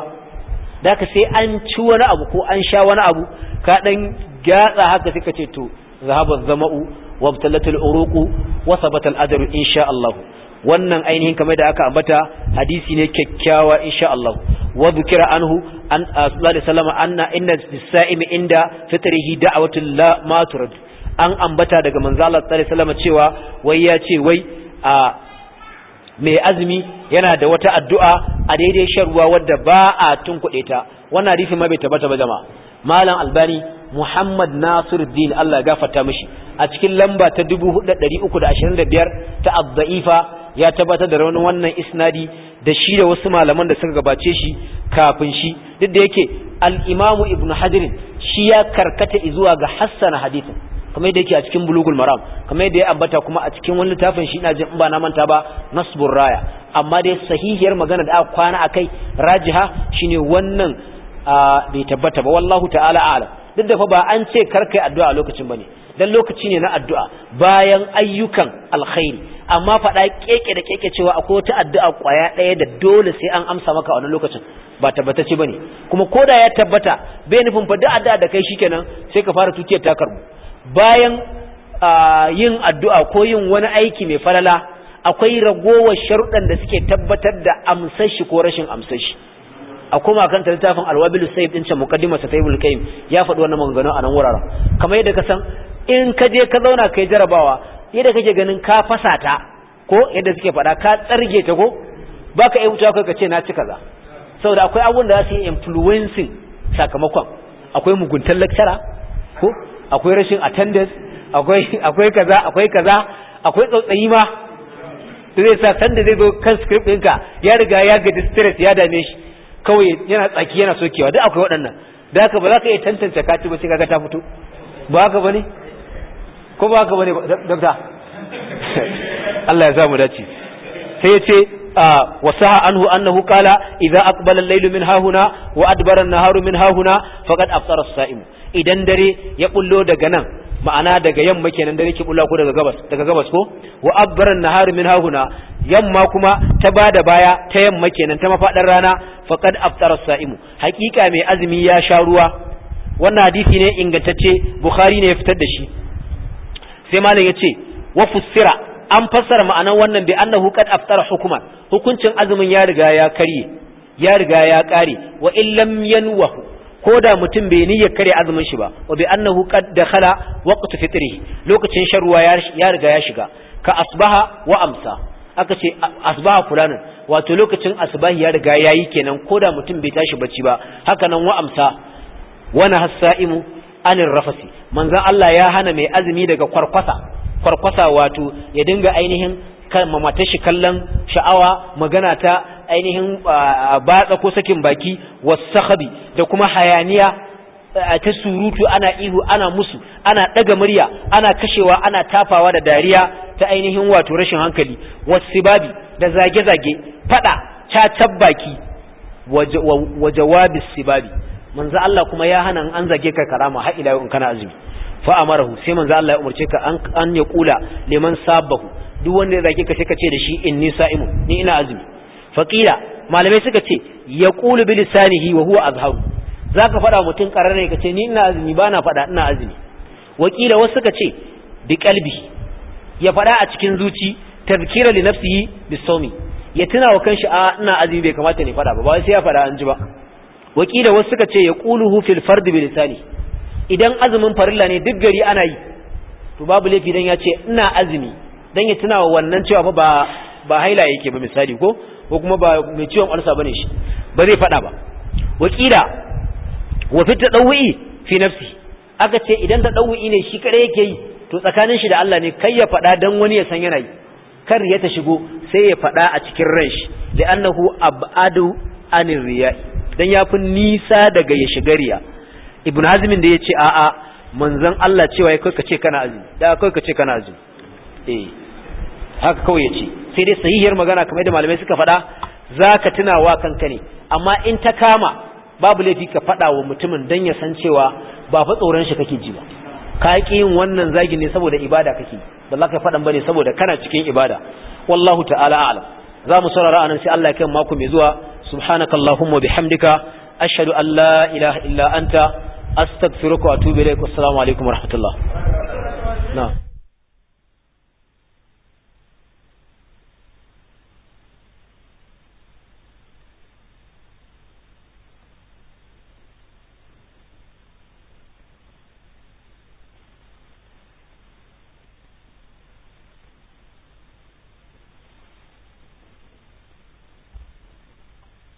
da sai an ci wani abu ko an sha wani abu ka dan gyatsa haka sai ka ce to zahaba zama'u wabtalatul uruqu wa sabata al insha Allah wannan ainihin kamar da aka ambata hadisi ne kyakkyawa insha Allah wa dhukira anhu an sallallahu alaihi anna inna bis-sa'imi inda fitrihi da'watu la ma an ambata daga manzo Allah sallallahu alaihi wasallam cewa wai ya ce wai a mai azumi yana da wata addu'a a daidai shan ruwa wadda ba a tunkuɗe ta wannan rifi ma bai tabbata ba jama'a malam albani muhammad nasir din allah gafarta mashi. a cikin lamba ta biyar ta abda'ifa ya tabbatar da raunin wannan isnadi da shi da wasu malaman da suka gabace shi kafin shi duk da yake al-imamu ibnu hajar shi ya karkata izuwa ga hassan hadisin kamar yadda yake a cikin bulugul maram kamar yadda ya ambata kuma a cikin wani littafin shi ina jin in ba na manta ba nasbur raya amma dai sahihiyar magana da aka kwana akai rajiha shine wannan bai tabbata ba wallahu ta'ala ala duk da fa ba an ce karkai addu'a a lokacin bane dan lokaci ne na addu'a bayan ayyukan alkhairi amma faɗa keke da keke cewa akwai wata addu'a kwaya ɗaya da dole sai an amsa maka a wannan lokacin ba tabbata ce bane kuma koda ya tabbata bai nufin fa duk addu'a da kai shikenan sai ka fara tukiyar takarmu bayan yin addu'a ko yin wani aiki mai falala akwai ragowar sharuɗan da suke tabbatar da amsashi ko rashin amsashi a kuma kan littafin alwabilu sai ɗin can sa taibul qayyim ya faɗi wannan maganganu a nan wuraren kamar yadda ka san in ka je ka zauna kai jarabawa yadda kake ganin ka fasa ta ko yadda suke faɗa ka tsarge ta ko baka iya wucewa ka ce na ci kaza saboda akwai abubuwan da za su yi influencing sakamakon akwai muguntar lakcara ko akwai rashin attendance akwai akwai kaza akwai kaza akwai tsautsayi ma da zai sa sanda zai zo kan script ɗinka ya riga ya ga distress ya dame shi kawai yana tsaki yana sokewa duk akwai waɗannan da haka ba za ka iya tantance kati ba sai kaga ta fito ba haka bane ko ba haka bane dokta Allah ya zamu dace sai ya ce وصح عنه أنه قال إذا أقبل الليل من هاهنا وأدبر النهار من هاهنا فقد أفطر الصائم إذن دري يقول له دقنا ma'ana daga yamma kenan dare ke bulla ko daga gabas daga gabas ko wa abbaran nahar min hahuna yamma kuma ta bada baya ta yamma kenan ta mafaɗar rana faqad aftara saimu hakika mai azumi ya sha ruwa wannan hadisi ne ingantacce bukhari ne ya fitar da shi sai malam yace wa fussira an fassara ma'anar wannan bi annahu qad aftara hukuma hukuncin azumin ya riga ya karye ya riga ya kare wa illam yanwahu ko da mutum bai niyya kare azumin shi ba wa bi annahu qad dakhala waqtu fitrihi lokacin sharuwa ya riga ya shiga ka asbaha wa amsa aka ce asbaha fulanin wato lokacin asbahi ya riga yayi kenan ko da mutum bai tashi bacci ba haka nan wa amsa wa nahas sa'imu anir rafasi manzon Allah ya hana mai azumi daga kwarkwasa kwarkwasa wato ya dinga ainihin mamata shi kallon sha'awa magana ta ainihin batsa ko sakin baki wasakhabi da kuma hayaniya ta surutu ana ihu ana musu ana ɗaga murya ana kashewa ana tafawa da dariya ta ainihin wato rashin hankali Wasu sibabi da zage-zage faɗa ta baki wa jawabis sibabi manzo Allah kuma ya hana an zage ka karama har ila yau in kana azumi fa amarahu sai manzo Allah ya umarce ka an an ya kula liman sabahu duk wanda ya zage ka sai ka ce da shi inni sa'imu ni ina azumi faqila malamai suka ce ya qulu bi lisanihi wa huwa azharu zaka fada mutun kararre ka ce ni ina azumi bana fada ina azumi wakila wasu suka ce bi qalbi ya fada a cikin zuci tazkira li nafsihi bisawmi ya tuna wa kanshi a ina azumi bai kamata ne fada ba ba sai ya fada an ji ba wakila wasu suka ce ya kulu fil fard bi lisanihi idan azumin farilla ne duk gari ana yi to babu laifi dan ya ce ina azumi dan ya tuna wa wannan cewa fa ba ba haila yake ba misali ko ko kuma ba mai ciwon alsa bane shi ba zai fada ba wakila wa fit tadawi fi nafsi aka ce idan tadawi ne shi kare yake yi to tsakanin shi da Allah ne kai ya fada dan wani ya san yana yi kar ya ta shigo sai ya fada a cikin ran shi li'annahu abadu anir riya dan yafi nisa daga ya shiga riya ibn hazmin da ya ce a'a manzon Allah cewa kai ka ce kana azumi da kai ka ce kana azumi eh haka kawai ya sai dai sahihiyar magana kamar yadda malamai suka faɗa zaka tuna wa kanka ne amma in ta kama babu laifi ka faɗa wa mutumin dan ya san cewa ba fa tsoron shi kake ji ba ka ki yin wannan zagi ne saboda ibada kake ba za ka faɗan bane saboda kana cikin ibada wallahu ta'ala a'lam za mu saurara anan sai Allah ya kai mako mai zuwa subhanakallahumma bihamdika ashhadu an la ilaha illa anta astaghfiruka wa atubu ilaik assalamu alaikum warahmatullahi